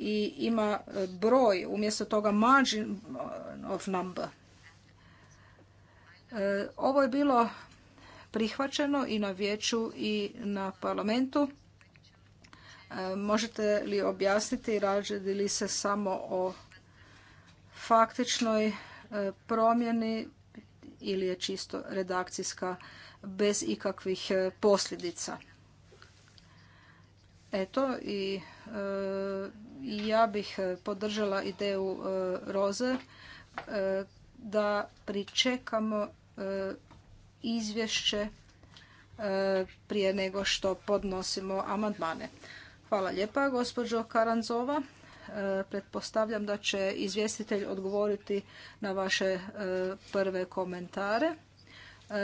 i ima e, broj, umjesto toga margin of number. E, ovo je bilo prihvaćeno i na vijeću i na parlamentu. E, možete li objasniti, rađe li se samo o faktičnoj promjeni ili je čisto redakcijska bez ikakvih posljedica? Eto, e, i ja bih podržala ideju e, Roze e, da pričekamo izvješće prije nego što podnosimo amandmane. Hvala lijepa, gospođo Karanzova. Pretpostavljam da će izvjestitelj odgovoriti na vaše prve komentare.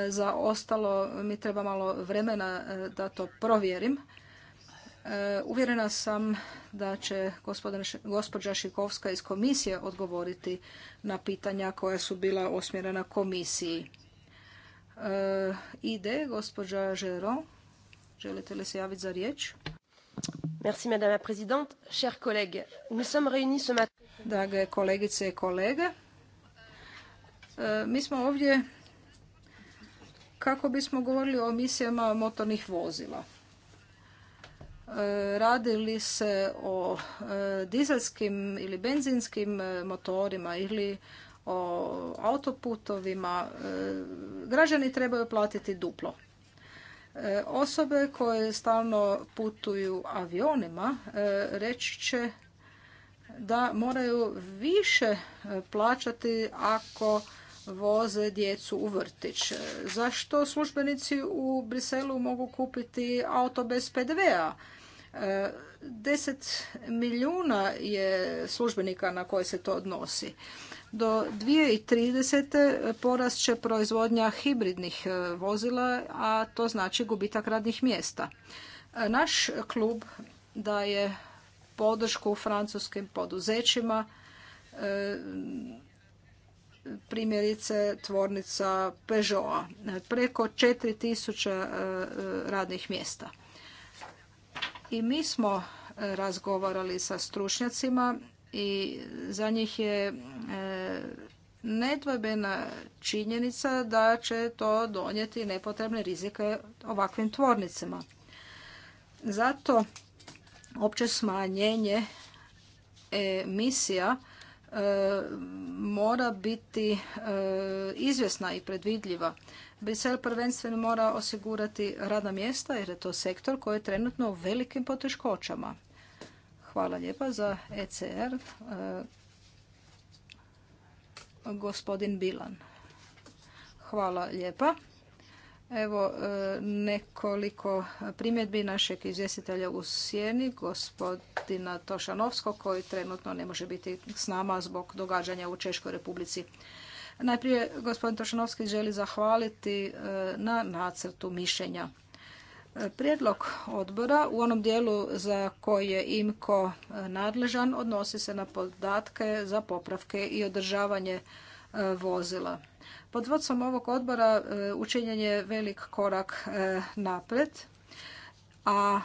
Za ostalo mi treba malo vremena da to provjerim. E, uvjerena sam da će gospođa Šikovska iz komisije odgovoriti na pitanja koja su bila osmjerena komisiji. E, ide gospođa Žero. Želite li se javiti za riječ? Merci madame la présidente, chers collègues. Nous sommes réunis ce matin. Drage kolegice i kolege, e, mi smo ovdje kako bismo govorili o emisijama motornih vozila. E, radi li se o e, dizelskim ili benzinskim e, motorima ili o autoputovima, građani trebaju platiti duplo. Osobe koje stalno putuju avionima reći će da moraju više plaćati ako voze djecu u vrtić. Zašto službenici u Briselu mogu kupiti auto bez PDV-a, 10 milijuna je službenika na koje se to odnosi. Do 2030. porast će proizvodnja hibridnih e, vozila, a to znači gubitak radnih mjesta. E, naš klub daje podršku francuskim poduzećima, e, primjerice tvornica Peugeot, preko 4000 radnih mjesta. I mi smo e, razgovarali sa stručnjacima i za njih je e, nedvojbena činjenica da će to donijeti nepotrebne rizike ovakvim tvornicama. Zato opće smanjenje emisija e, mora biti izvjesna i predvidljiva. Brisel prvenstveno mora osigurati radna mjesta jer je to sektor koji je trenutno u velikim poteškoćama. Hvala lijepa za ECR. E, gospodin Bilan. Hvala lijepa. Evo e, nekoliko primjedbi našeg izvjestitelja u sjeni, gospodina Tošanovskog, koji trenutno ne može biti s nama zbog događanja u Češkoj republici. Najprije gospodin Tošanovski želi zahvaliti e, na nacrtu mišljenja. E, prijedlog odbora u onom dijelu za koji je IMKO e, nadležan odnosi se na podatke za popravke i održavanje vozila. Pod vodstvom ovog odbora učinjen je velik korak napred, a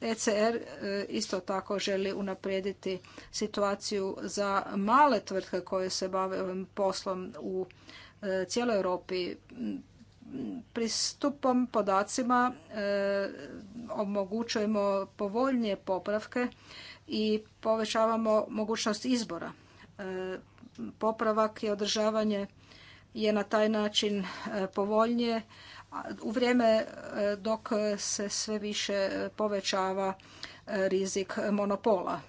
ECR e, isto tako želi unaprijediti situaciju za male tvrtke koje se bave ovim poslom u e, cijeloj Europi. Pristupom podacima e, omogućujemo povoljnije popravke i povećavamo mogućnost izbora. Popravak i održavanje je na taj način povoljnije u vrijeme e, dok se sve više e, povećava e, rizik monopola.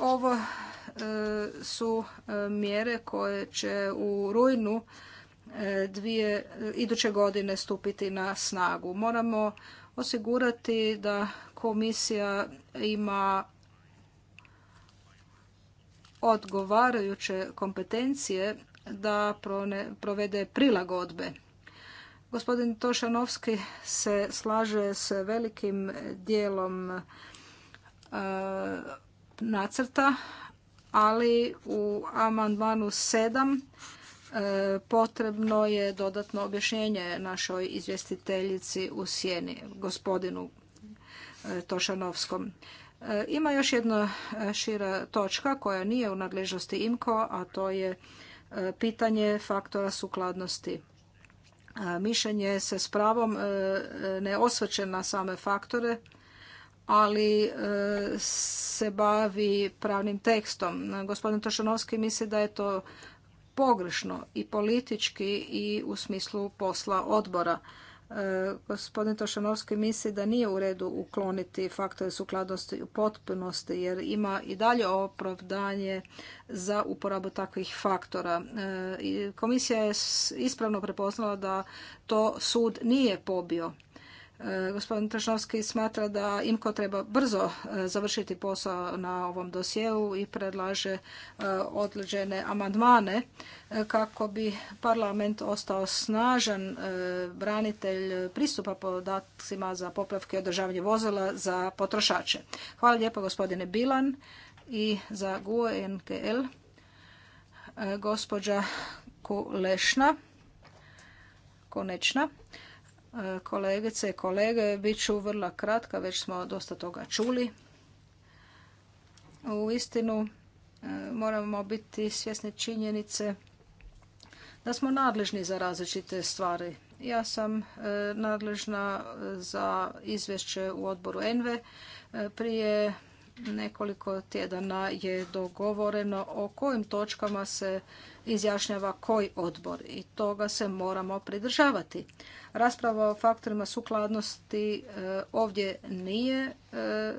Ovo su mjere koje će u rujnu dvije iduće godine stupiti na snagu. Moramo osigurati da komisija ima odgovarajuće kompetencije da provede prilagodbe. Gospodin Tošanovski se slaže s velikim dijelom e, nacrta, ali u amandmanu 7 e, potrebno je dodatno objašnjenje našoj izvjestiteljici u sjeni, gospodinu e, Tošanovskom. E, ima još jedna e, šira točka koja nije u nadležnosti IMCO, a to je e, pitanje faktora sukladnosti. Mišljenje se s pravom ne osvrće na same faktore, ali se bavi pravnim tekstom. Gospodin Tošanovski misli da je to pogrešno i politički i u smislu posla odbora gospodin Tošanovski misli da nije u redu ukloniti faktore sukladnosti u potpunosti jer ima i dalje opravdanje za uporabu takvih faktora. E, komisija je ispravno prepoznala da to sud nije pobio E, gospodin Tržnovski smatra da IMKO treba brzo e, završiti posao na ovom dosjeu i predlaže e, određene amandmane kako bi parlament ostao snažan branitelj pristupa podacima za popravke i održavanje vozila za potrošače. Hvala lijepo gospodine Bilan i za GUNKL. gospođa Kulešna konečna kolegice i kolege. Bit ću vrlo kratka, već smo dosta toga čuli. U istinu e, moramo biti svjesni činjenice da smo nadležni za različite stvari. Ja sam e, nadležna za izvješće u odboru ENVE. E, prije nekoliko tjedana je dogovoreno o kojim točkama se izjašnjava koji odbor i toga se moramo pridržavati. Rasprava o faktorima sukladnosti e, ovdje nije e,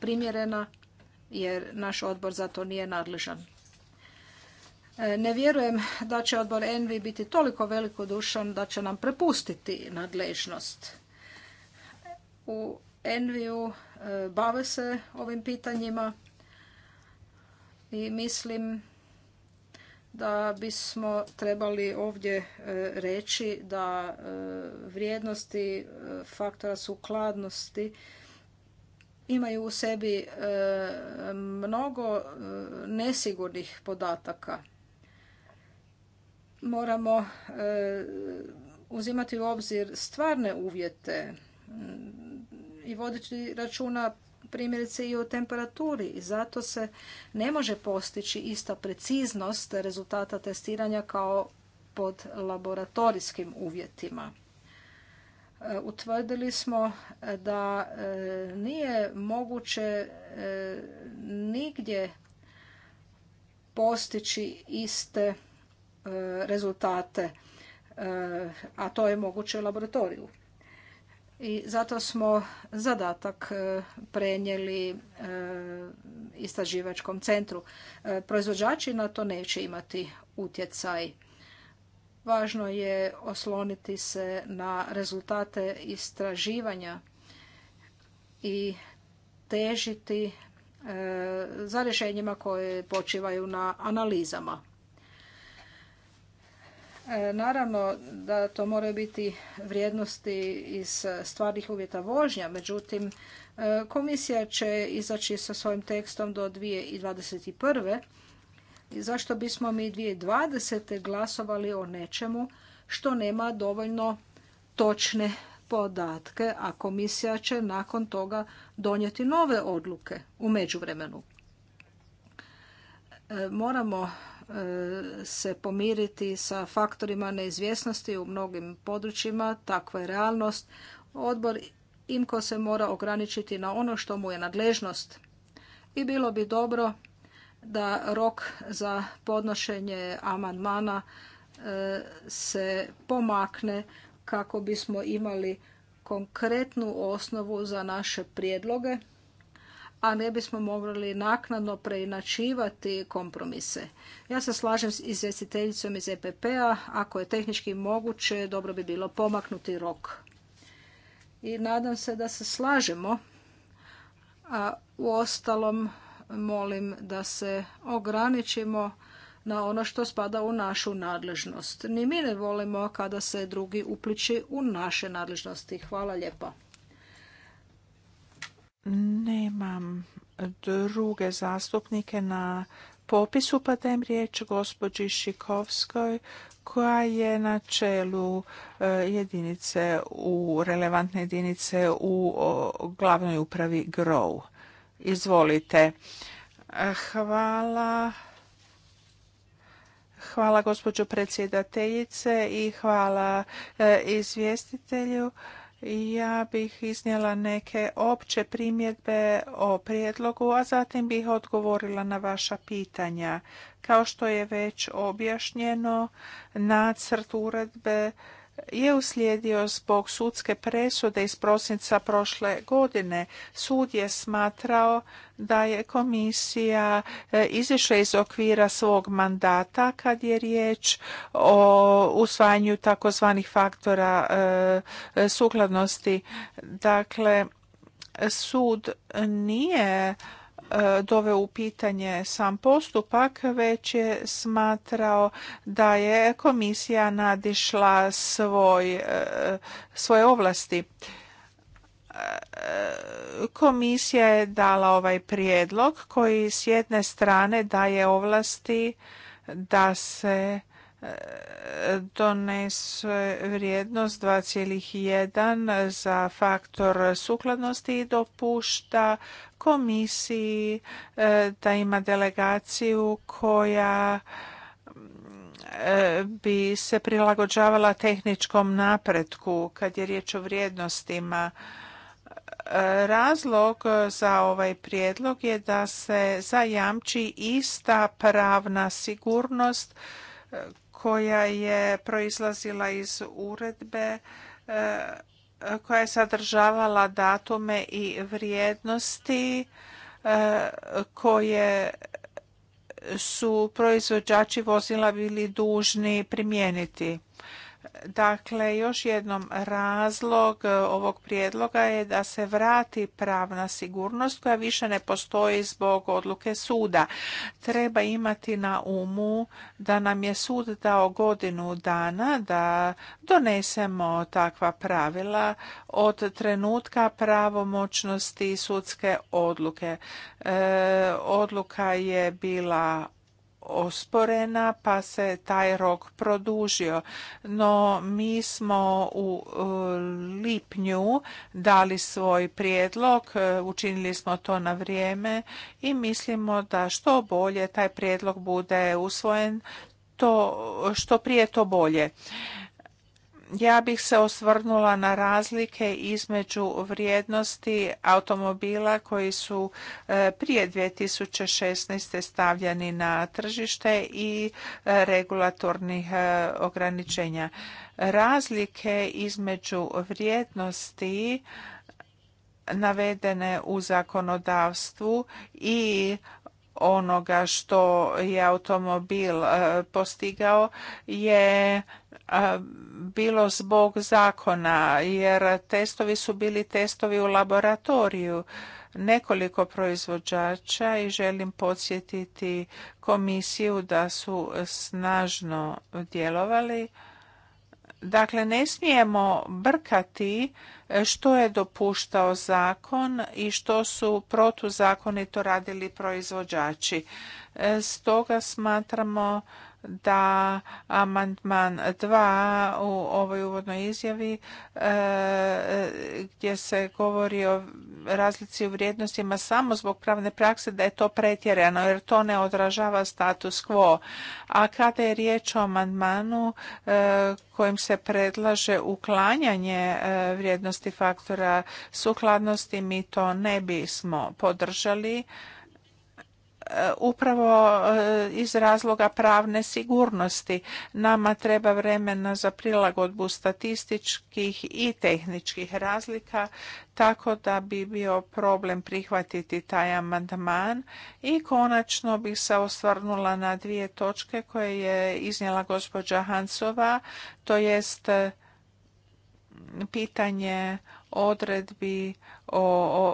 primjerena jer naš odbor za to nije nadležan. E, ne vjerujem da će odbor Envi biti toliko velikodušan da će nam prepustiti nadležnost. U Enviju bave se ovim pitanjima i mislim da bismo trebali ovdje e, reći da e, vrijednosti e, faktora sukladnosti imaju u sebi mnogo nesigurnih podataka. Moramo uzimati u obzir stvarne uvjete i voditi računa primjerice i o temperaturi i zato se ne može postići ista preciznost rezultata testiranja kao pod laboratorijskim uvjetima. E, utvrdili smo da e, nije moguće e, nigdje postići iste rezultate, a to je moguće u laboratoriju i zato smo zadatak e, prenijeli e, istraživačkom centru. E, proizvođači na to neće imati utjecaj. Važno je osloniti se na rezultate istraživanja i težiti za rješenjima koje počivaju na analizama. E, naravno da to moraju biti vrijednosti iz stvarnih uvjeta vožnja, međutim e, komisija će izaći sa svojim tekstom do 2021. I zašto bismo mi 2020. glasovali o nečemu što nema dovoljno točne podatke, a komisija će nakon toga donijeti nove odluke u međuvremenu. E, moramo se pomiriti sa faktorima neizvjesnosti u mnogim područjima, takva je realnost. Odbor IMKO se mora ograničiti na ono što mu je nadležnost. I bilo bi dobro da rok za podnošenje amandmana e, se pomakne kako bismo imali konkretnu osnovu za naše prijedloge a ne bismo mogli naknadno preinačivati kompromise. Ja se slažem s izvjestiteljicom iz EPP-a, ako je tehnički moguće, dobro bi bilo pomaknuti rok. I nadam se da se slažemo, a u ostalom molim da se ograničimo na ono što spada u našu nadležnost. Ni mi ne volimo kada se drugi upliči u naše nadležnosti. Hvala lijepa. Nemam druge zastupnike na popisu, pa dajem riječ gospođi Šikovskoj koja je na čelu e, jedinice u relevantne jedinice u glavnoj upravi GROW. Izvolite. E, hvala. Hvala gospođo predsjedateljice i hvala e, izvjestitelju. Ja bih iznijela neke opće primjedbe o prijedlogu, a zatim bih odgovorila na vaša pitanja. Kao što je već objašnjeno, nacrt uredbe je uslijedio zbog sudske presude iz prosinca prošle godine. Sud je smatrao da je komisija e, izišla iz okvira svog mandata kad je riječ o usvajanju takozvanih faktora e, sukladnosti. Dakle, sud nije doveo u pitanje sam postupak, već je smatrao da je komisija nadišla svoj, e, svoje ovlasti. E, komisija je dala ovaj prijedlog koji s jedne strane daje ovlasti da se donese vrijednost 2,1 za faktor sukladnosti i dopušta komisiji e, da ima delegaciju koja e, bi se prilagođavala tehničkom napretku kad je riječ o vrijednostima. E, razlog za ovaj prijedlog je da se zajamči ista pravna sigurnost koja je proizlazila iz uredbe e, koja je sadržavala datume i vrijednosti e, koje su proizvođači vozila bili dužni primijeniti. Dakle, još jednom razlog e, ovog prijedloga je da se vrati pravna sigurnost koja više ne postoji zbog odluke suda. Treba imati na umu da nam je sud dao godinu dana da donesemo takva pravila od trenutka pravomoćnosti sudske odluke. E, odluka je bila osporena pa se taj rok produžio. No mi smo u e, lipnju dali svoj prijedlog, e, učinili smo to na vrijeme i mislimo da što bolje taj prijedlog bude usvojen, to što prije to bolje ja bih se osvrnula na razlike između vrijednosti automobila koji su e, prije 2016. stavljani na tržište i e, regulatornih e, ograničenja. Razlike između vrijednosti navedene u zakonodavstvu i onoga što je automobil e, postigao je e, bilo zbog zakona jer testovi su bili testovi u laboratoriju nekoliko proizvođača i želim podsjetiti komisiju da su snažno djelovali Dakle, ne smijemo brkati e, što je dopuštao zakon i što su protuzakonito radili proizvođači. E, stoga smatramo da amandman 2 u ovoj uvodnoj izjavi e, gdje se govori o razlici u vrijednostima samo zbog pravne prakse da je to pretjerano jer to ne odražava status quo. A kada je riječ o amandmanu e, kojim se predlaže uklanjanje e, vrijednosti faktora sukladnosti mi to ne bismo podržali E, upravo e, iz razloga pravne sigurnosti. Nama treba vremena za prilagodbu statističkih i tehničkih razlika, tako da bi bio problem prihvatiti taj amandman. I konačno bih se osvrnula na dvije točke koje je iznijela gospođa Hansova, to jest e, pitanje odredbi o,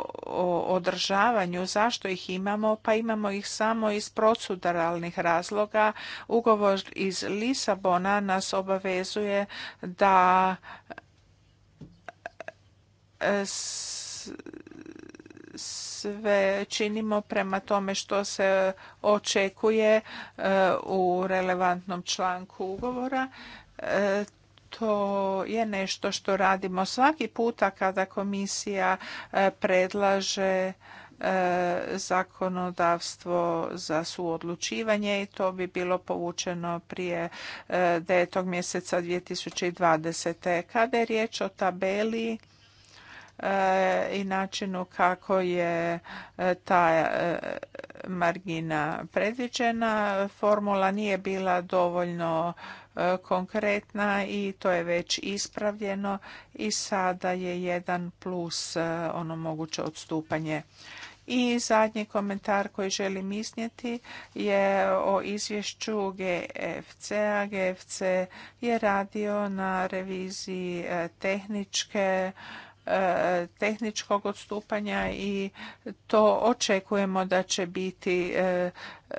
održavanju. Zašto ih imamo? Pa imamo ih samo iz proceduralnih razloga. Ugovor iz Lisabona nas obavezuje da e, sve činimo prema tome što se očekuje e, u relevantnom članku ugovora e, to je nešto što radimo svaki puta kada komisija e, predlaže e, zakonodavstvo za suodlučivanje i to bi bilo povučeno prije 9. E, mjeseca 2020. Kada je riječ o tabeli i načinu kako je ta margina predviđena, formula nije bila dovoljno E, konkretna i to je već ispravljeno i sada je jedan plus e, ono moguće odstupanje. I zadnji komentar koji želim iznijeti je o izvješću GFC-a. GFC je radio na reviziji e, tehničke tehničkog odstupanja i to očekujemo da će biti e,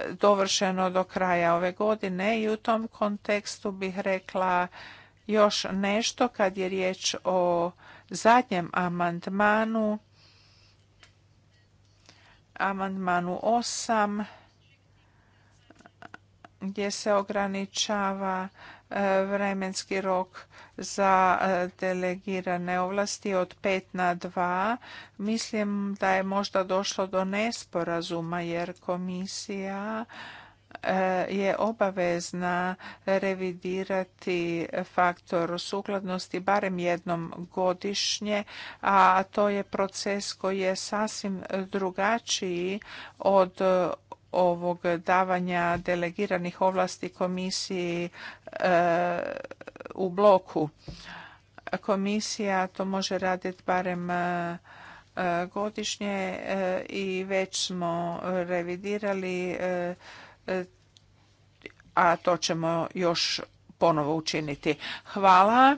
dovršeno do kraja ove godine i u tom kontekstu bih rekla još nešto kad je riječ o zadnjem amandmanu, amandmanu 8 gdje se ograničava e, vremenski rok za e, delegirane ovlasti od 5 na 2. Mislim da je možda došlo do nesporazuma jer komisija e, je obavezna revidirati faktor sukladnosti barem jednom godišnje, a to je proces koji je sasvim drugačiji od ovog davanja delegiranih ovlasti komisiji e, u bloku. Komisija to može raditi barem e, e, godišnje i već smo revidirali, a to ćemo još ponovo učiniti. Hvala.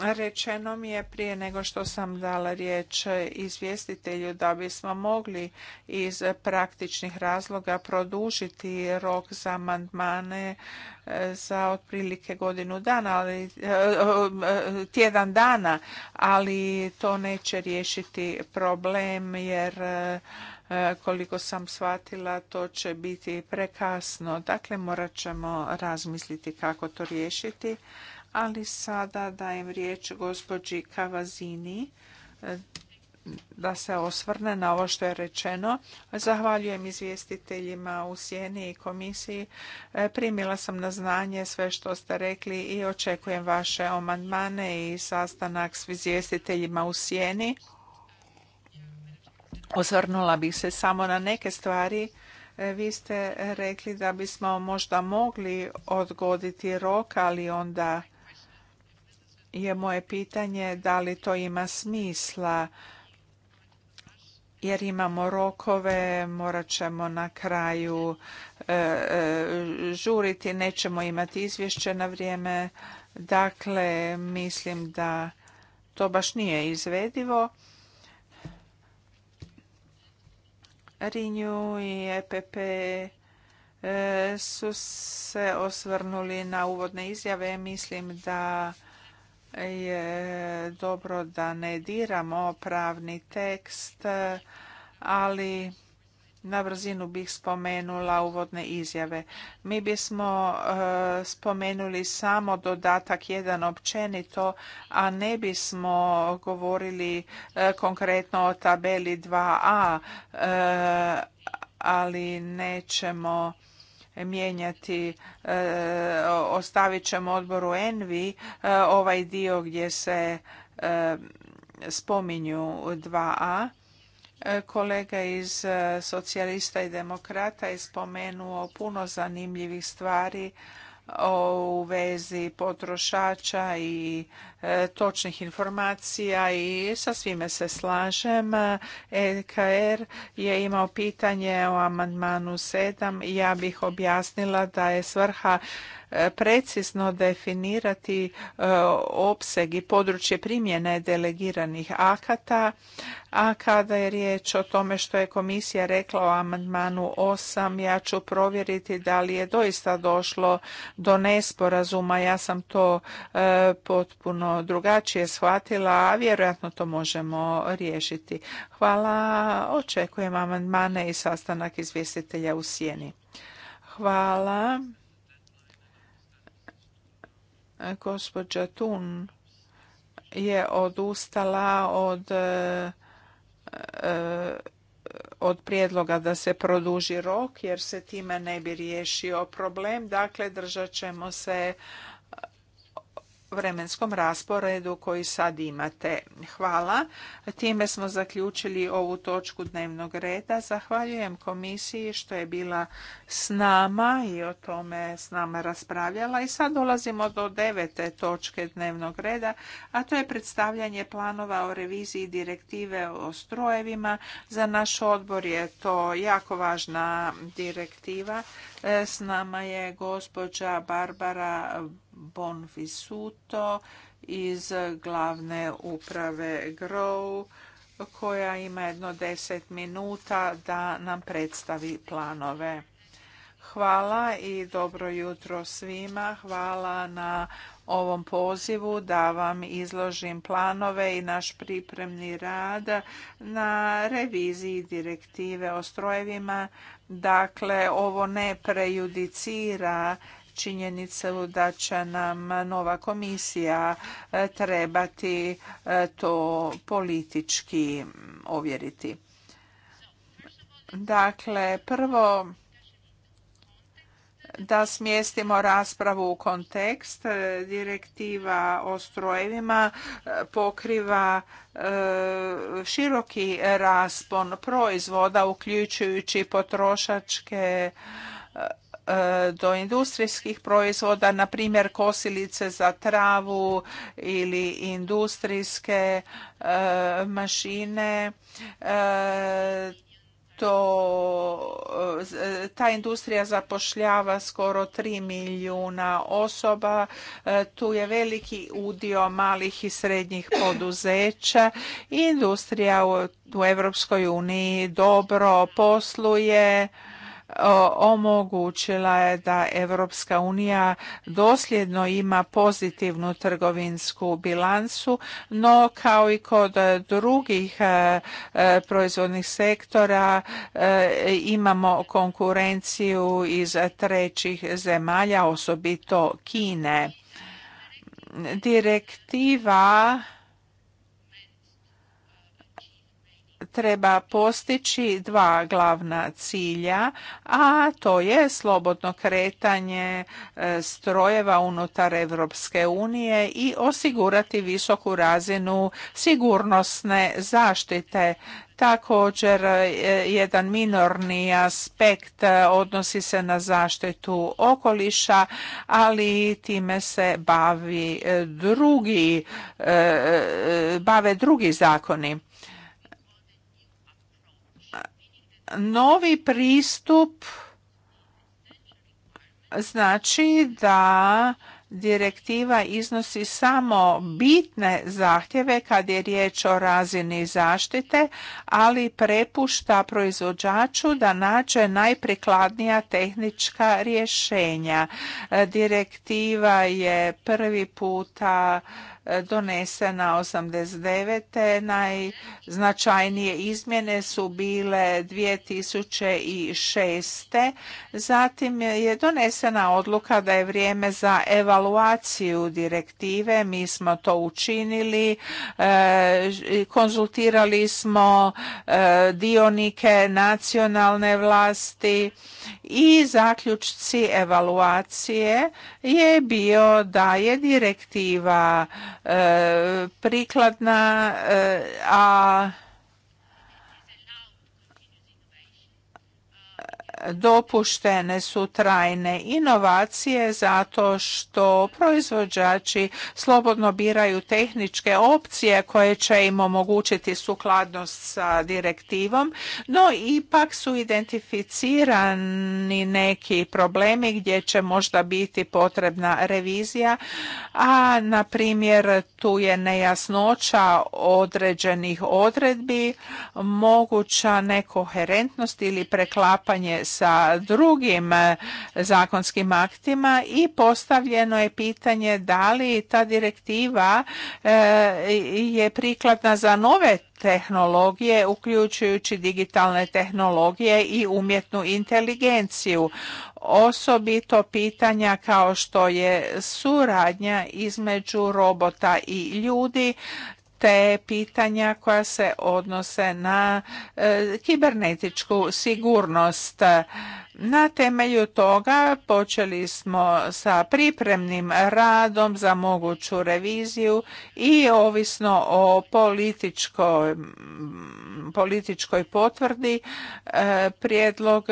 Rečeno mi je prije nego što sam dala riječ izvjestitelju da bismo mogli iz praktičnih razloga produžiti rok za amandmane e, za otprilike godinu dana, ali e, e, tjedan dana, ali to neće riješiti problem jer koliko sam shvatila to će biti prekasno. Dakle, morat ćemo razmisliti kako to riješiti ali sada dajem riječ gospođi Kavazini e, da se osvrne na ovo što je rečeno. Zahvaljujem izvjestiteljima u Sjeni i komisiji. E, primila sam na znanje sve što ste rekli i očekujem vaše amandmane i sastanak s izvjestiteljima u Sjeni. Osvrnula bih se samo na neke stvari. E, vi ste rekli da bismo možda mogli odgoditi rok, ali onda je moje pitanje da li to ima smisla jer imamo rokove, morat ćemo na kraju e, e, žuriti, nećemo imati izvješće na vrijeme. Dakle, mislim da to baš nije izvedivo. Rinju i EPP e, su se osvrnuli na uvodne izjave. Mislim da je dobro da ne diramo pravni tekst, ali na brzinu bih spomenula uvodne izjave. Mi bismo e, spomenuli samo dodatak jedan općenito, a ne bismo govorili e, konkretno o tabeli 2a, e, ali nećemo mijenjati, e, ostavit ćemo odboru Envi e, ovaj dio gdje se e, spominju 2a. Kolega iz socijalista i demokrata je spomenuo puno zanimljivih stvari u vezi potrošača i e, točnih informacija i sa svime se slažem. EKR je imao pitanje o amandmanu 7. Ja bih objasnila da je svrha E, precizno definirati e, opseg i područje primjene delegiranih akata, a kada je riječ o tome što je komisija rekla o amandmanu 8, ja ću provjeriti da li je doista došlo do nesporazuma. Ja sam to e, potpuno drugačije shvatila, a vjerojatno to možemo riješiti. Hvala, očekujem amandmane i sastanak izvjestitelja u sjeni. Hvala gospođa Tun je odustala od e, e, od prijedloga da se produži rok jer se time ne bi riješio problem. Dakle, držat ćemo se vremenskom rasporedu koji sad imate. Hvala. Time smo zaključili ovu točku dnevnog reda. Zahvaljujem komisiji što je bila s nama i o tome s nama raspravljala. I sad dolazimo do devete točke dnevnog reda, a to je predstavljanje planova o reviziji direktive o strojevima. Za naš odbor je to jako važna direktiva. E, s nama je gospođa Barbara Bon Visuto iz glavne uprave Grow koja ima jedno deset minuta da nam predstavi planove. Hvala i dobro jutro svima. Hvala na ovom pozivu da vam izložim planove i naš pripremni rad na reviziji direktive o strojevima. Dakle, ovo ne prejudicira činjenicu da će nam nova komisija e, trebati e, to politički ovjeriti. Dakle, prvo da smjestimo raspravu u kontekst. E, direktiva o strojevima pokriva široki raspon proizvoda uključujući potrošačke E, do industrijskih proizvoda, na primjer kosilice za travu ili industrijske e, mašine. E, to, ta industrija zapošljava skoro 3 milijuna osoba. Tu je veliki udio malih i srednjih poduzeća. Industrija u Europskoj uniji dobro posluje omogućila je da Europska unija dosljedno ima pozitivnu trgovinsku bilansu, no kao i kod drugih e, e, proizvodnih sektora e, imamo konkurenciju iz trećih zemalja, osobito Kine. Direktiva treba postići dva glavna cilja, a to je slobodno kretanje e, strojeva unutar Europske unije i osigurati visoku razinu sigurnosne zaštite. Također, e, jedan minorni aspekt e, odnosi se na zaštitu okoliša, ali time se bavi drugi, bave drugi zakoni. novi pristup znači da direktiva iznosi samo bitne zahtjeve kad je riječ o razini zaštite, ali prepušta proizvođaču da nađe najprikladnija tehnička rješenja. Direktiva je prvi puta donesena 89. Najznačajnije izmjene su bile 2006. Zatim je donesena odluka da je vrijeme za evaluaciju direktive. Mi smo to učinili. E, konzultirali smo e, dionike nacionalne vlasti i zaključci evaluacije je bio da je direktiva E, prikladna, e, a dopuštene su trajne inovacije zato što proizvođači slobodno biraju tehničke opcije koje će im omogućiti sukladnost sa direktivom, no ipak su identificirani neki problemi gdje će možda biti potrebna revizija, a na primjer tu je nejasnoća određenih odredbi, moguća nekoherentnost ili preklapanje sa drugim e, zakonskim aktima i postavljeno je pitanje da li ta direktiva e, je prikladna za nove tehnologije, uključujući digitalne tehnologije i umjetnu inteligenciju. Osobito pitanja kao što je suradnja između robota i ljudi, te pitanja koja se odnose na e, kibernetičku sigurnost na temelju toga počeli smo sa pripremnim radom za moguću reviziju i ovisno o političkoj, političkoj potvrdi e, prijedlog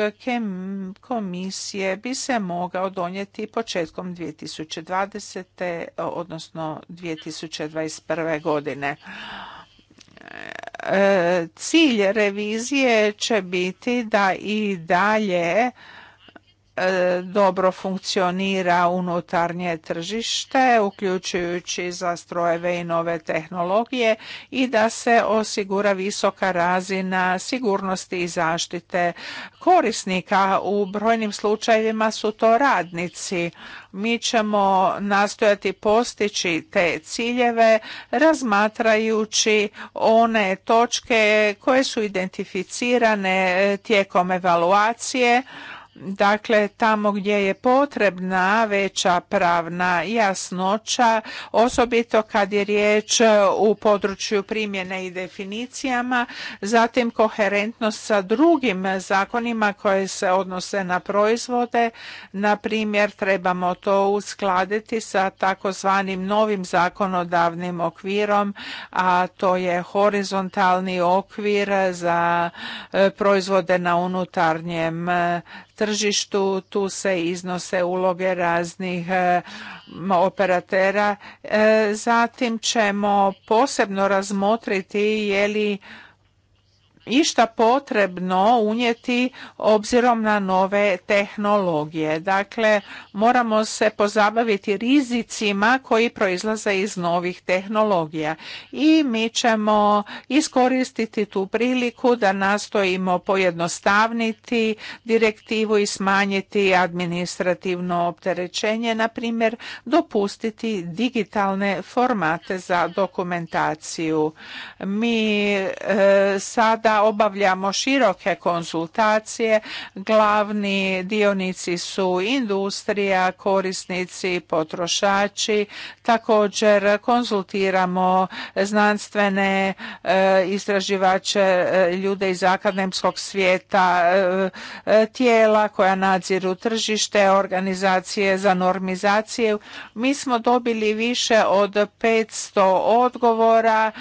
komisije bi se mogao donijeti početkom 2020. odnosno 2021. godine E, cilj revizije će biti da i dalje E, dobro funkcionira unutarnje tržište, uključujući za strojeve i nove tehnologije i da se osigura visoka razina sigurnosti i zaštite korisnika. U brojnim slučajevima su to radnici. Mi ćemo nastojati postići te ciljeve razmatrajući one točke koje su identificirane tijekom evaluacije Dakle, tamo gdje je potrebna veća pravna jasnoća, osobito kad je riječ u području primjene i definicijama, zatim koherentnost sa drugim zakonima koje se odnose na proizvode. Na primjer, trebamo to uskladiti sa takozvanim novim zakonodavnim okvirom, a to je horizontalni okvir za e, proizvode na unutarnjem tržištu. Tu se iznose uloge raznih e, operatera. E, zatim ćemo posebno razmotriti je li išta potrebno unijeti obzirom na nove tehnologije. Dakle, moramo se pozabaviti rizicima koji proizlaze iz novih tehnologija i mi ćemo iskoristiti tu priliku da nastojimo pojednostavniti direktivu i smanjiti administrativno opterećenje, na primjer dopustiti digitalne formate za dokumentaciju. Mi e, sada obavljamo široke konsultacije. Glavni dionici su industrija, korisnici, potrošači. Također konzultiramo znanstvene e, istraživače, e, ljude iz akademskog svijeta, e, tijela koja nadziru tržište, organizacije za normizacije Mi smo dobili više od 500 odgovora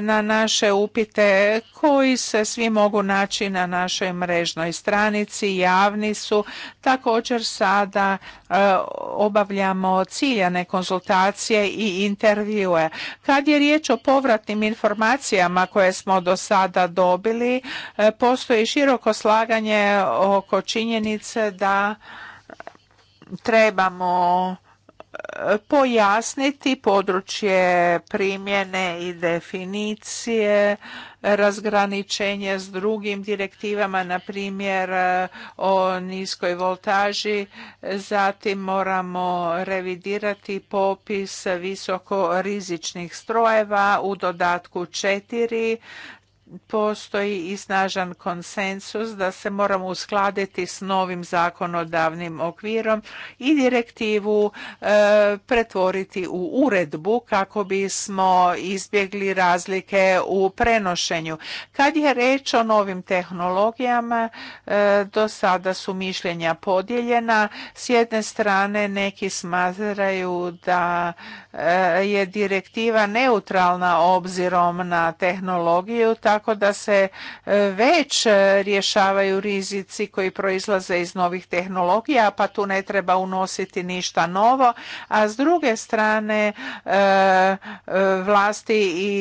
na naše upite koji se svi mogu naći na našoj mrežnoj stranici, javni su. Također sada e, obavljamo ciljane konzultacije i intervjue. Kad je riječ o povratnim informacijama koje smo do sada dobili, e, postoji široko slaganje oko činjenice da trebamo pojasniti područje primjene i definicije, razgraničenje s drugim direktivama, na primjer e, o niskoj voltaži. Zatim moramo revidirati popis visokorizičnih strojeva u dodatku 4 postoji i snažan konsensus da se moramo uskladiti s novim zakonodavnim okvirom i direktivu e, pretvoriti u uredbu kako bismo izbjegli razlike u prenošenju. Kad je reč o novim tehnologijama, e, do sada su mišljenja podijeljena. S jedne strane neki smatraju da e, je direktiva neutralna obzirom na tehnologiju, tako tako da se e, već rješavaju rizici koji proizlaze iz novih tehnologija, pa tu ne treba unositi ništa novo, a s druge strane e, e, vlasti i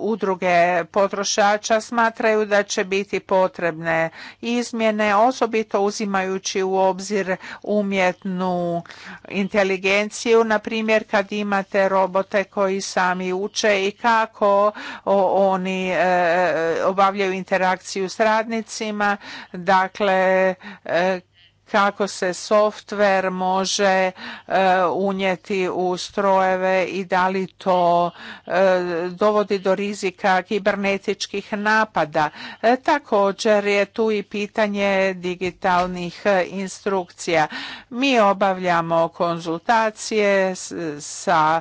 udruge potrošača smatraju da će biti potrebne izmjene, osobito uzimajući u obzir umjetnu inteligenciju, na primjer kad imate robote koji sami uče i kako oni E, e, obavljaju interakciju s radnicima, dakle e, kako se softver može e, unijeti u strojeve i da li to e, dovodi do rizika kibernetičkih napada. E, također je tu i pitanje digitalnih instrukcija. Mi obavljamo konzultacije sa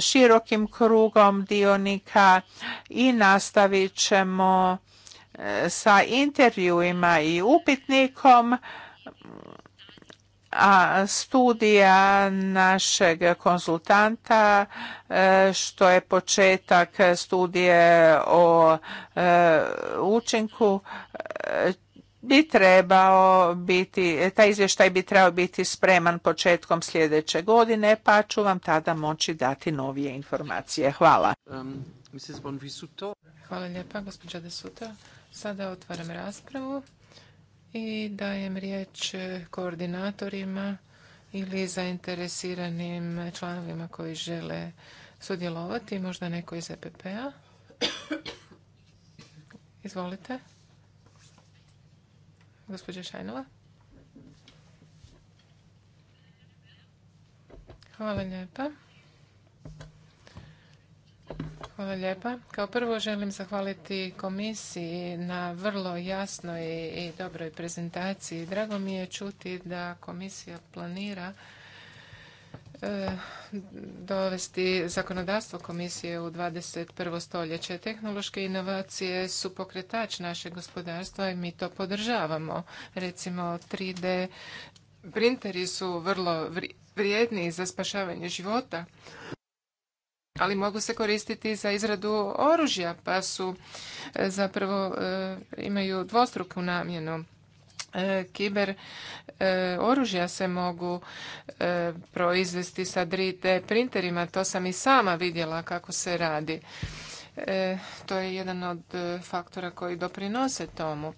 širokim krugom dionika i nastavit ćemo sa intervjuima i upitnikom a studija našeg konzultanta e, što je početak studije o e, učinku e, bi trebao biti, taj izvještaj bi trebao biti spreman početkom sljedeće godine, pa ću vam tada moći dati novije informacije. Hvala. Um, Hvala lijepa, gospođa Sada otvaram raspravu i dajem riječ koordinatorima ili zainteresiranim članovima koji žele sudjelovati, možda neko iz EPP-a. Izvolite. Gospođa Šajnova. Hvala lijepa. Hvala lijepa. Kao prvo želim zahvaliti komisiji na vrlo jasnoj i dobroj prezentaciji. Drago mi je čuti da komisija planira eh, dovesti zakonodavstvo komisije u 21. stoljeće. Tehnološke inovacije su pokretač našeg gospodarstva i mi to podržavamo. Recimo 3D printeri su vrlo vrijedni za spašavanje života ali mogu se koristiti za izradu oružja, pa su e, zapravo e, imaju dvostruku namjenu. E, kiber oružja se mogu proizvesti sa 3D printerima, to sam i sama vidjela kako se radi. To je jedan od faktora koji doprinose tomu.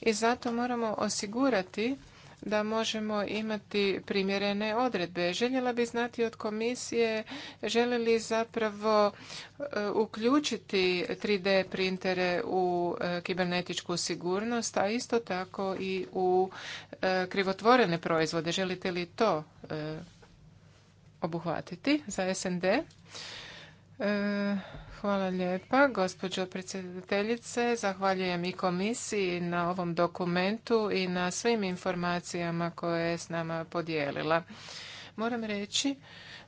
I zato moramo osigurati da možemo imati primjerene odredbe. Željela bi znati od komisije žele li zapravo e, uključiti 3D printere u e, kibernetičku sigurnost, a isto tako i u e, krivotvorene proizvode. Želite li to obuhvatiti za SND? Hvala lijepa, gospođo predsjedateljice. Zahvaljujem i komisiji na ovom dokumentu i na svim informacijama koje je s nama podijelila. Moram reći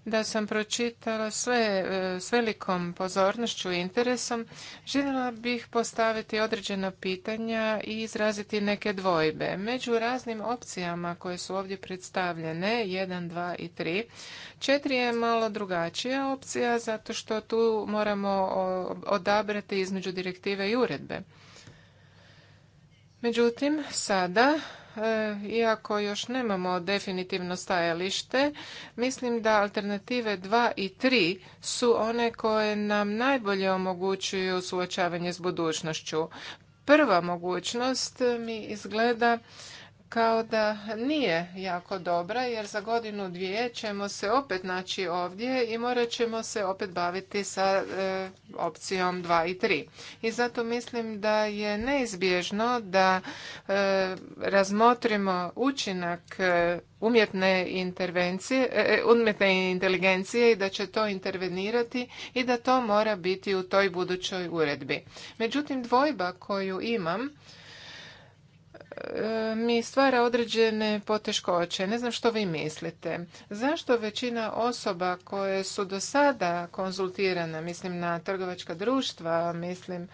da sam pročitala sve e, s velikom pozornošću i interesom. Željela bih postaviti određena pitanja i izraziti neke dvojbe. Među raznim opcijama koje su ovdje predstavljene, 1, 2 i 3, četiri je malo drugačija opcija zato što tu moramo odabrati između direktive i uredbe. Međutim, sada E, iako još nemamo definitivno stajalište, mislim da alternative 2 i 3 su one koje nam najbolje omogućuju suočavanje s budućnošću. Prva mogućnost mi izgleda kao da nije jako dobra jer za godinu dvije ćemo se opet naći ovdje i morat ćemo se opet baviti sa e, opcijom 2 i 3. I zato mislim da je neizbježno da e, razmotrimo učinak e, umjetne intervencije, umjetne inteligencije i da će to intervenirati i da to mora biti u toj budućoj uredbi. Međutim, dvojba koju imam E, mi stvara određene poteškoće. Ne znam što vi mislite. Zašto većina osoba koje su do sada konzultirana, mislim na trgovačka društva, mislim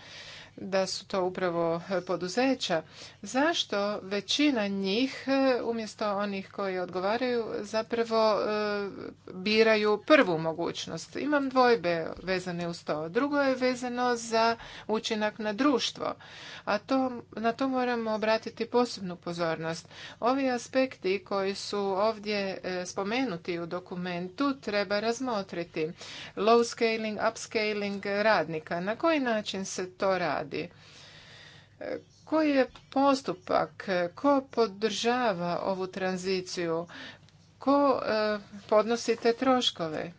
da su to upravo e, poduzeća. Zašto većina njih, e, umjesto onih koji odgovaraju, zapravo e, biraju prvu mogućnost? Imam dvojbe vezane uz to. Drugo je vezano za učinak na društvo, a to, na to moramo obratiti posebnu pozornost. Ovi aspekti koji su ovdje spomenuti u dokumentu treba razmotriti. Low scaling, upscaling radnika. Na koji način se to radi? radi? E, koji je postupak? Ko podržava ovu tranziciju? Ko e, podnosi te troškove?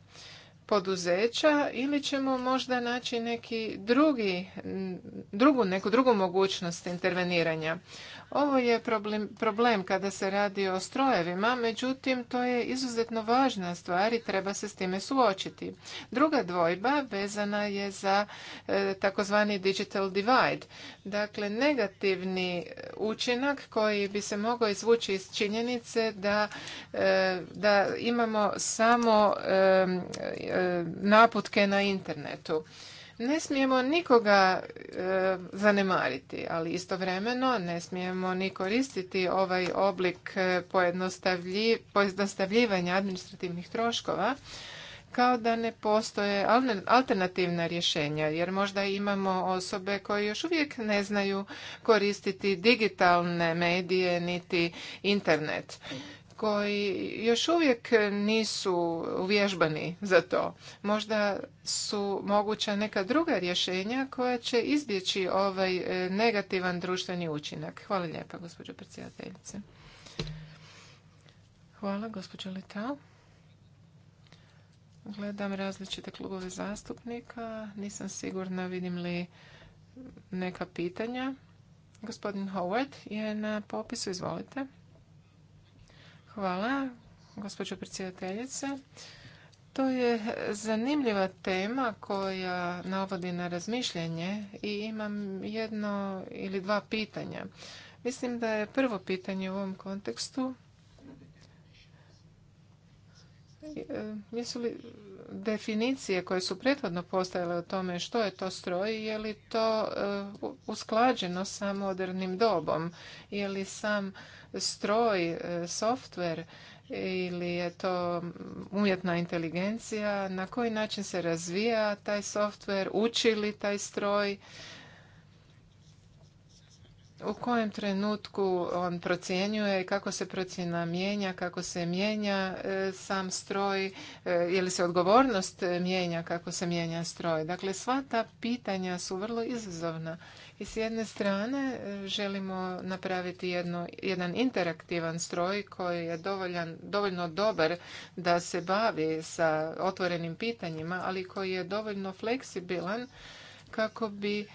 poduzeća ili ćemo možda naći neki drugi, drugu, neku drugu mogućnost interveniranja. Ovo je problem, problem kada se radi o strojevima, međutim to je izuzetno važna stvar i treba se s time suočiti. Druga dvojba vezana je za e, takozvani digital divide. Dakle, negativni učinak koji bi se mogao izvući iz činjenice da, e, da imamo samo e, e, naputke na internetu. Ne smijemo nikoga e, zanemariti, ali istovremeno ne smijemo ni koristiti ovaj oblik e, pojednostavljivanja administrativnih troškova kao da ne postoje alternativna rješenja, jer možda imamo osobe koje još uvijek ne znaju koristiti digitalne medije niti internet koji još uvijek nisu uvježbani za to. Možda su moguća neka druga rješenja koja će izbjeći ovaj e, negativan društveni učinak. Hvala lijepa, gospođo predsjedateljice. Hvala, gospođo Letao. Gledam različite klubove zastupnika. Nisam sigurna vidim li neka pitanja. Gospodin Howard je na popisu. Izvolite. Hvala, gospođo predsjedateljice. To je zanimljiva tema koja navodi na razmišljanje i imam jedno ili dva pitanja. Mislim da je prvo pitanje u ovom kontekstu jesu li definicije koje su prethodno postavile o tome što je to stroj, je li to e, usklađeno sa modernim dobom, je li sam stroj, e, softver ili je to umjetna inteligencija, na koji način se razvija taj softver, uči li taj stroj, u kojem trenutku on procjenjuje, kako se procjena mijenja, kako se mijenja e, sam stroj, e, je li se odgovornost mijenja, kako se mijenja stroj. Dakle, sva ta pitanja su vrlo izazovna. I s jedne strane e, želimo napraviti jedno, jedan interaktivan stroj koji je dovoljan, dovoljno dobar da se bavi sa otvorenim pitanjima, ali koji je dovoljno fleksibilan kako bi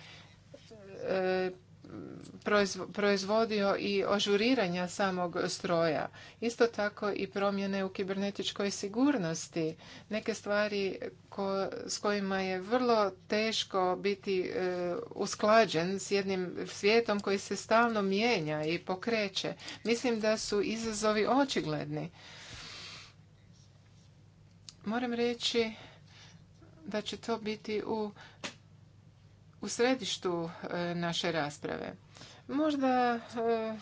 proizvodio i ažuriranja samog stroja. Isto tako i promjene u kibernetičkoj sigurnosti. Neke stvari ko, s kojima je vrlo teško biti e, usklađen s jednim svijetom koji se stalno mijenja i pokreće. Mislim da su izazovi očigledni. Moram reći da će to biti u u središtu e, naše rasprave. Možda e,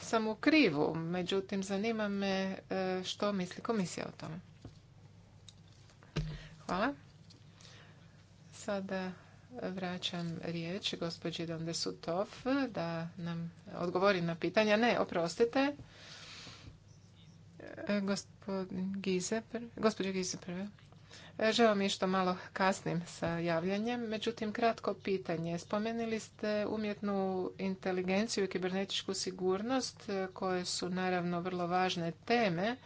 sam u krivu, međutim zanima me e, što misli komisija o tome. Hvala. Sada vraćam riječ gospođi Donde da nam odgovori na pitanja. Ne, oprostite. Gospodin Gize, gospođa Gize Žao mi što malo kasnim sa javljanjem, međutim kratko pitanje. Spomenuli ste umjetnu inteligenciju i kibernetičku sigurnost koje su naravno vrlo važne teme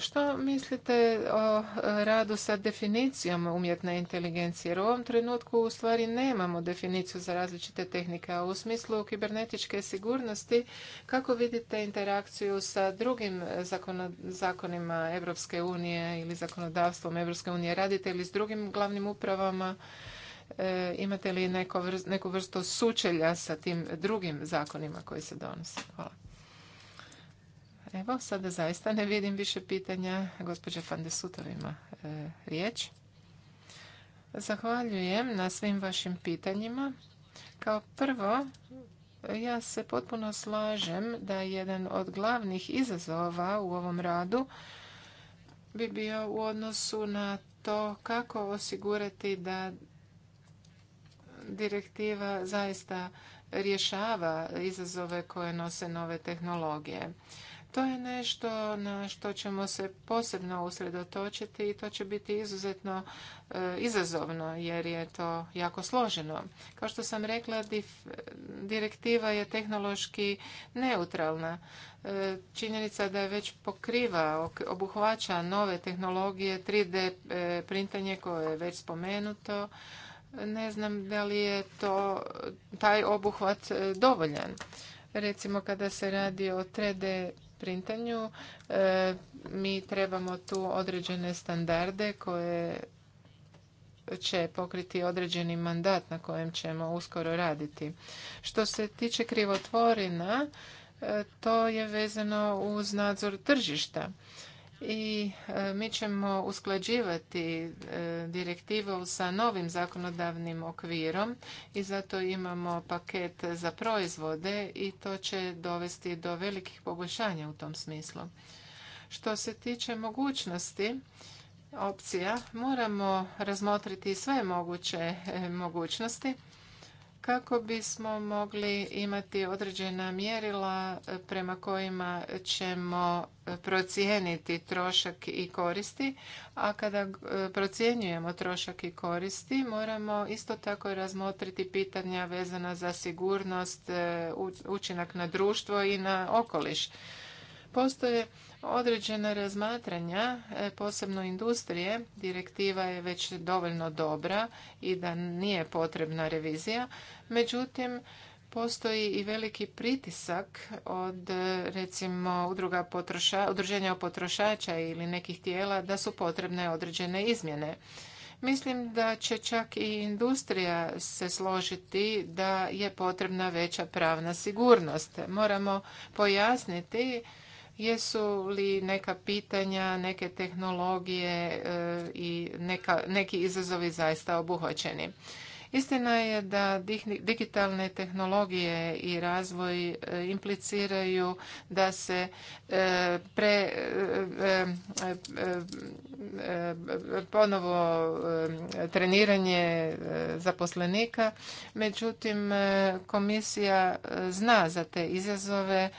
što mislite o e, radu sa definicijom umjetne inteligencije? Jer u ovom trenutku u stvari nemamo definiciju za različite tehnike, a u smislu kibernetičke sigurnosti kako vidite interakciju sa drugim e, zakonima Europske unije ili zakonodavstvom Europske unije? Radite li s drugim glavnim upravama? E, imate li neku vrstu sučelja sa tim drugim zakonima koji se donose? Hvala. Evo, sada zaista ne vidim više pitanja. Gospođa Pandesutov ima e, riječ. Zahvaljujem na svim vašim pitanjima. Kao prvo, ja se potpuno slažem da jedan od glavnih izazova u ovom radu bi bio u odnosu na to kako osigurati da direktiva zaista rješava izazove koje nose nove tehnologije. To je nešto na što ćemo se posebno usredotočiti i to će biti izuzetno e, izazovno jer je to jako složeno. Kao što sam rekla, direktiva je tehnološki neutralna. E, činjenica da je već pokriva, obuhvaća nove tehnologije, 3D e, printanje koje je već spomenuto. Ne znam da li je to taj obuhvat dovoljan. Recimo kada se radi o 3D printanju. E, mi trebamo tu određene standarde koje će pokriti određeni mandat na kojem ćemo uskoro raditi. Što se tiče krivotvorina, e, to je vezano uz nadzor tržišta i e, mi ćemo usklađivati e, direktivu sa novim zakonodavnim okvirom i zato imamo paket za proizvode i to će dovesti do velikih poboljšanja u tom smislu. Što se tiče mogućnosti, opcija, moramo razmotriti sve moguće e, mogućnosti kako bismo mogli imati određena mjerila e, prema kojima ćemo e, procijeniti trošak i koristi, a kada e, procjenjujemo trošak i koristi moramo isto tako razmotriti pitanja vezana za sigurnost, učinak na društvo i na okoliš. Postoje određena razmatranja, e, posebno industrije, direktiva je već dovoljno dobra i da nije potrebna revizija. Međutim, postoji i veliki pritisak od e, recimo udruga potroša, udruženja potrošača ili nekih tijela da su potrebne određene izmjene. Mislim da će čak i industrija se složiti da je potrebna veća pravna sigurnost. Moramo pojasniti jesu li neka pitanja, neke tehnologije e, i neka, neki izazovi zaista obuhvaćeni. Istina je da digitalne tehnologije i razvoj e, impliciraju da se e, pre ponovo treniranje zaposlenika, međutim komisija zna za te izazove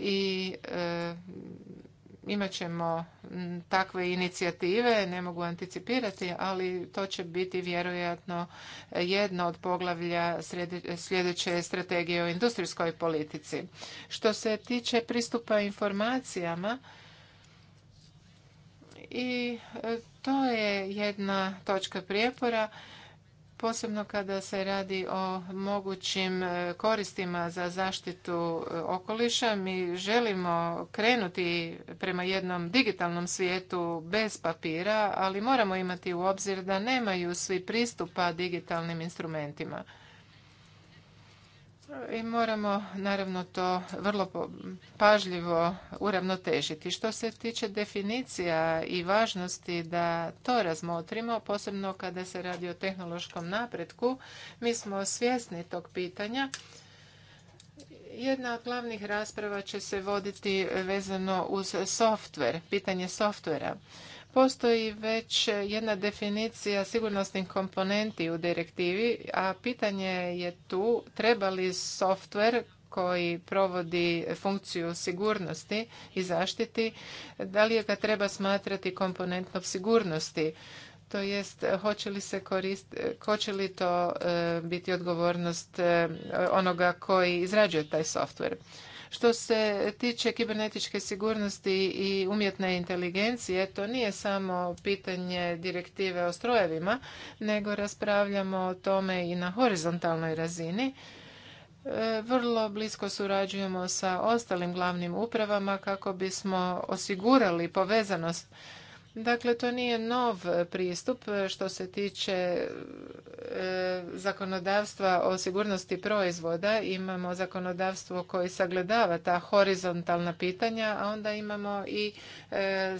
i e, imat ćemo takve inicijative, ne mogu anticipirati, ali to će biti vjerojatno jedno od poglavlja sljedeće strategije o industrijskoj politici. Što se tiče pristupa informacijama, i e, to je jedna točka prijepora posebno kada se radi o mogućim e, koristima za zaštitu e, okoliša. Mi želimo krenuti prema jednom digitalnom svijetu bez papira, ali moramo imati u obzir da nemaju svi pristupa digitalnim instrumentima i moramo naravno to vrlo pažljivo uravnotežiti. Što se tiče definicija i važnosti da to razmotrimo, posebno kada se radi o tehnološkom napretku, mi smo svjesni tog pitanja. Jedna od glavnih rasprava će se voditi vezano uz softver, pitanje softvera. Postoji već jedna definicija sigurnosnih komponenti u direktivi, a pitanje je tu treba li softver koji provodi funkciju sigurnosti i zaštiti, da li ga treba smatrati komponentom sigurnosti? To jest, hoće li, se korist, hoće li to e, biti odgovornost e, onoga koji izrađuje taj softver? Što se tiče kibernetičke sigurnosti i umjetne inteligencije, to nije samo pitanje direktive o strojevima, nego raspravljamo o tome i na horizontalnoj razini. E, vrlo blisko surađujemo sa ostalim glavnim upravama kako bismo osigurali povezanost Dakle, to nije nov pristup što se tiče e, zakonodavstva o sigurnosti proizvoda. Imamo zakonodavstvo koje sagledava ta horizontalna pitanja, a onda imamo i e,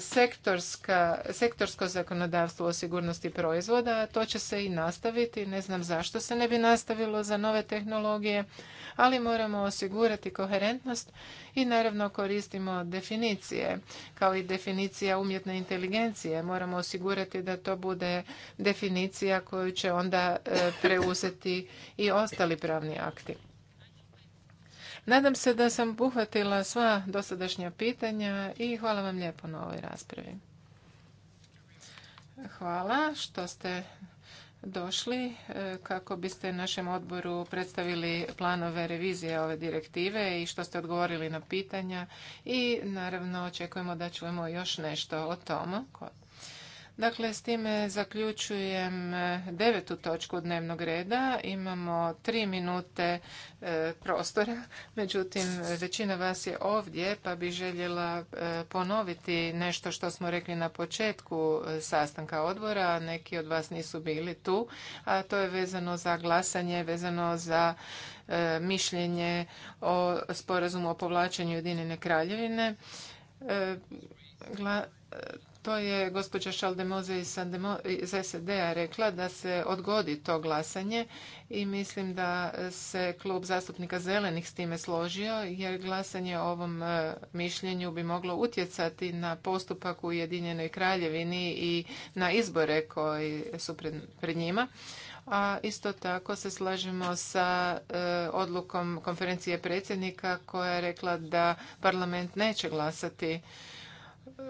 sektorsko zakonodavstvo o sigurnosti proizvoda. to će se i nastaviti. Ne znam zašto se ne bi nastavilo za nove tehnologije, ali moramo osigurati koherentnost i naravno koristimo definicije kao i definicija umjetne inteligencije. Moramo osigurati da to bude definicija koju će onda e, preuzeti i ostali pravni akti. Nadam se da sam uhvatila sva dosadašnja pitanja i hvala vam lijepo na ovoj raspravi. Hvala što ste došli e, kako biste našem odboru predstavili planove revizije ove direktive i što ste odgovorili na pitanja i naravno očekujemo da čujemo još nešto o tom, Dakle, s time zaključujem e, devetu točku dnevnog reda. Imamo tri minute e, prostora, međutim, većina vas je ovdje, pa bi željela e, ponoviti nešto što smo rekli na početku sastanka odbora. Neki od vas nisu bili tu, a to je vezano za glasanje, vezano za mišljenje o sporazumu o povlačenju Ujedinjene kraljevine to je gospođa Šaldemoze iz SED-a rekla da se odgodi to glasanje i mislim da se klub zastupnika zelenih s time složio jer glasanje o ovom e, mišljenju bi moglo utjecati na postupak u Ujedinjenoj kraljevini i na izbore koji su pred njima a isto tako se slažemo sa e, odlukom konferencije predsjednika koja je rekla da parlament neće glasati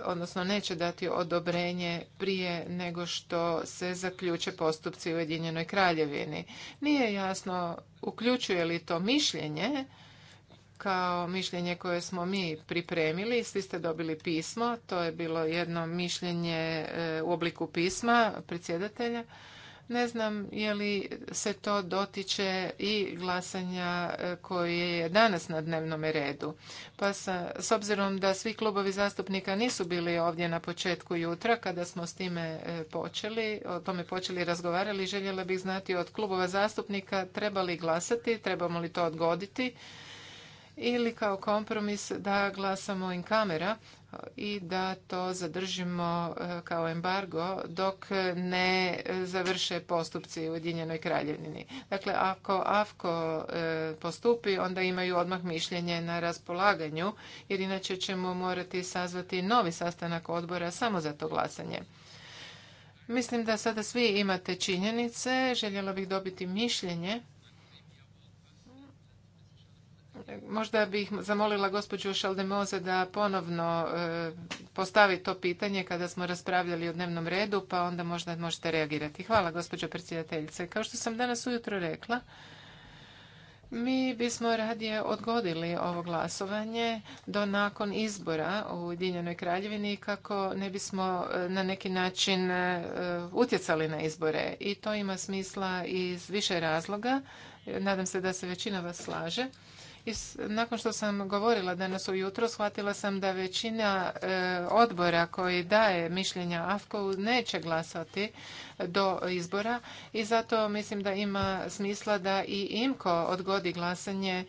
odnosno neće dati odobrenje prije nego što se zaključe postupci u Ujedinjenoj kraljevini. Nije jasno uključuje li to mišljenje kao mišljenje koje smo mi pripremili. Svi ste dobili pismo, to je bilo jedno mišljenje e, u obliku pisma predsjedatelja ne znam je li se to dotiče i glasanja e, koje je danas na dnevnom redu. Pa s obzirom da svi klubovi zastupnika nisu bili ovdje na početku jutra kada smo s time e, počeli, o tome počeli razgovarali, željela bih znati od klubova zastupnika treba li glasati, trebamo li to odgoditi ili kao kompromis da glasamo in kamera i da to zadržimo e, kao embargo dok ne završe postupci u Ujedinjenoj kraljevini. Dakle, ako AFKO e, postupi, onda imaju odmah mišljenje na raspolaganju, jer inače ćemo morati sazvati novi sastanak odbora samo za to glasanje. Mislim da sada svi imate činjenice. Željela bih dobiti mišljenje Možda bih zamolila gospođu Šaldemoze da ponovno e, postavi to pitanje kada smo raspravljali o dnevnom redu, pa onda možda možete reagirati. Hvala gospođo predsjedateljice. Kao što sam danas ujutro rekla, mi bismo radije odgodili ovo glasovanje do nakon izbora u Ujedinjenoj kraljevini kako ne bismo e, na neki način e, utjecali na izbore. I to ima smisla iz više razloga. Nadam se da se većina vas slaže nakon što sam govorila danas ujutro shvatila sam da većina e, odbora koji daje mišljenja AFKO neće glasati do izbora i zato mislim da ima smisla da i IMKO odgodi glasanje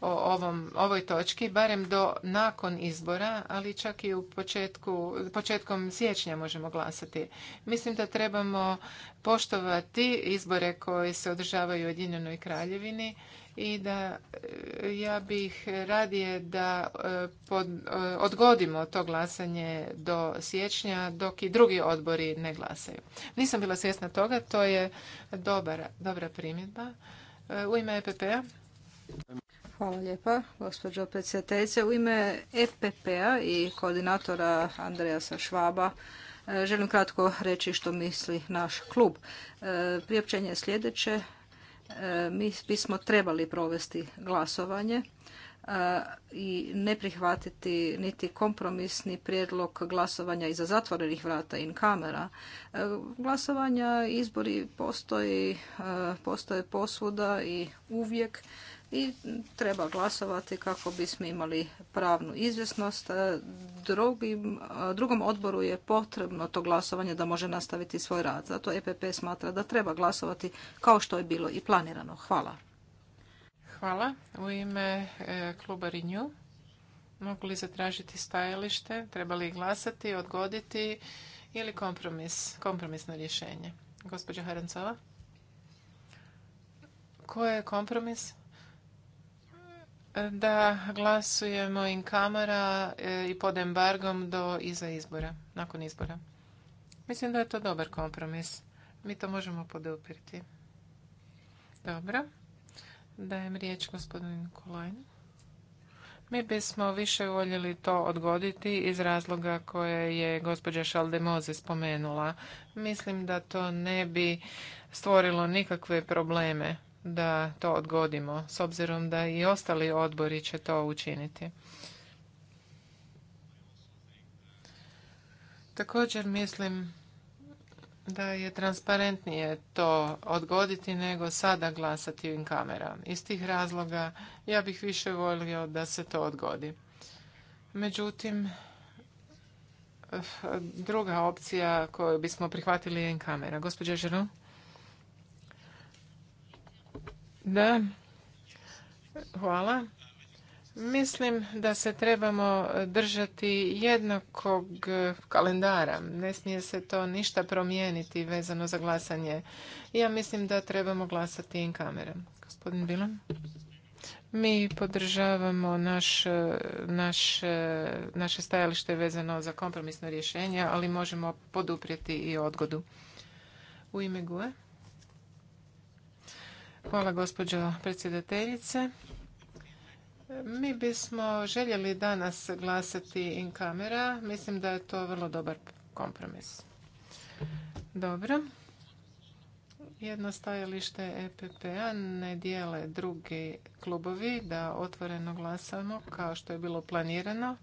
o ovom, ovoj točki, barem do nakon izbora, ali čak i u početku, početkom siječnja možemo glasati. Mislim da trebamo poštovati izbore koji se održavaju u kraljevini i da e, ja bih radije da e, e, odgodimo to glasanje do siječnja dok i drugi odbori ne glasaju. Nisam bila svjesna toga, to je dobra primjedba. U ime EPP-a. Hvala lijepa, gospođo predsjedateljice. U ime EPP-a i koordinatora Andreasa Švaba želim kratko reći što misli naš klub. Priopćenje je sljedeće E, mi bismo trebali provesti glasovanje e, i ne prihvatiti niti kompromisni prijedlog glasovanja iza zatvorenih vrata in kamera. E, glasovanja, izbori postoje posvuda i uvijek i treba glasovati kako bismo imali pravnu izvjesnost. Drugim, drugom odboru je potrebno to glasovanje da može nastaviti svoj rad. Zato EPP smatra da treba glasovati kao što je bilo i planirano. Hvala. Hvala. U ime e, kluba Renew mogu li zatražiti stajalište, treba li glasati, odgoditi ili kompromis, kompromisno rješenje? Gospođa Harancova? Koji je kompromis? da glasujemo in kamera e, i pod embargom do iza izbora, nakon izbora. Mislim da je to dobar kompromis. Mi to možemo podupiriti. Dobro. Dajem riječ gospodinu Kolajnu. Mi bismo više voljeli to odgoditi iz razloga koje je gospođa Šaldemoze spomenula. Mislim da to ne bi stvorilo nikakve probleme da to odgodimo, s obzirom da i ostali odbori će to učiniti. Također mislim da je transparentnije to odgoditi nego sada glasati in kamera. Iz tih razloga ja bih više volio da se to odgodi. Međutim, eh, druga opcija koju bismo prihvatili je in kamera. Gospođa da. Hvala. Mislim da se trebamo držati jednakog kalendara. Ne smije se to ništa promijeniti vezano za glasanje. Ja mislim da trebamo glasati in kamerom. Gospodin Bilan? Mi podržavamo naš, naš, naše stajalište vezano za kompromisno rješenje, ali možemo poduprijeti i odgodu. U ime GUE? Hvala gospođo predsjedateljice. Mi bismo željeli danas glasati in kamera. Mislim da je to vrlo dobar kompromis. Dobro. Jedno stajalište EPP-a ne dijele drugi klubovi da otvoreno glasamo kao što je bilo planirano.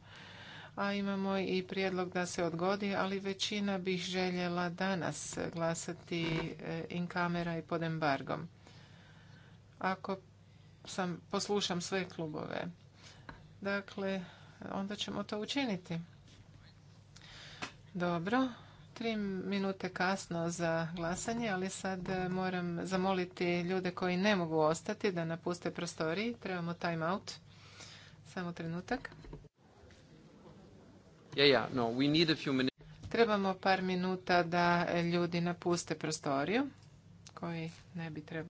A imamo i prijedlog da se odgodi, ali većina bi željela danas glasati e, in kamera i pod embargom ako sam poslušam sve klubove. Dakle, onda ćemo to učiniti. Dobro, tri minute kasno za glasanje, ali sad e, moram zamoliti ljude koji ne mogu ostati da napuste prostoriji. Trebamo time out. Samo trenutak. Trebamo par minuta da ljudi napuste prostoriju koji ne bi trebali.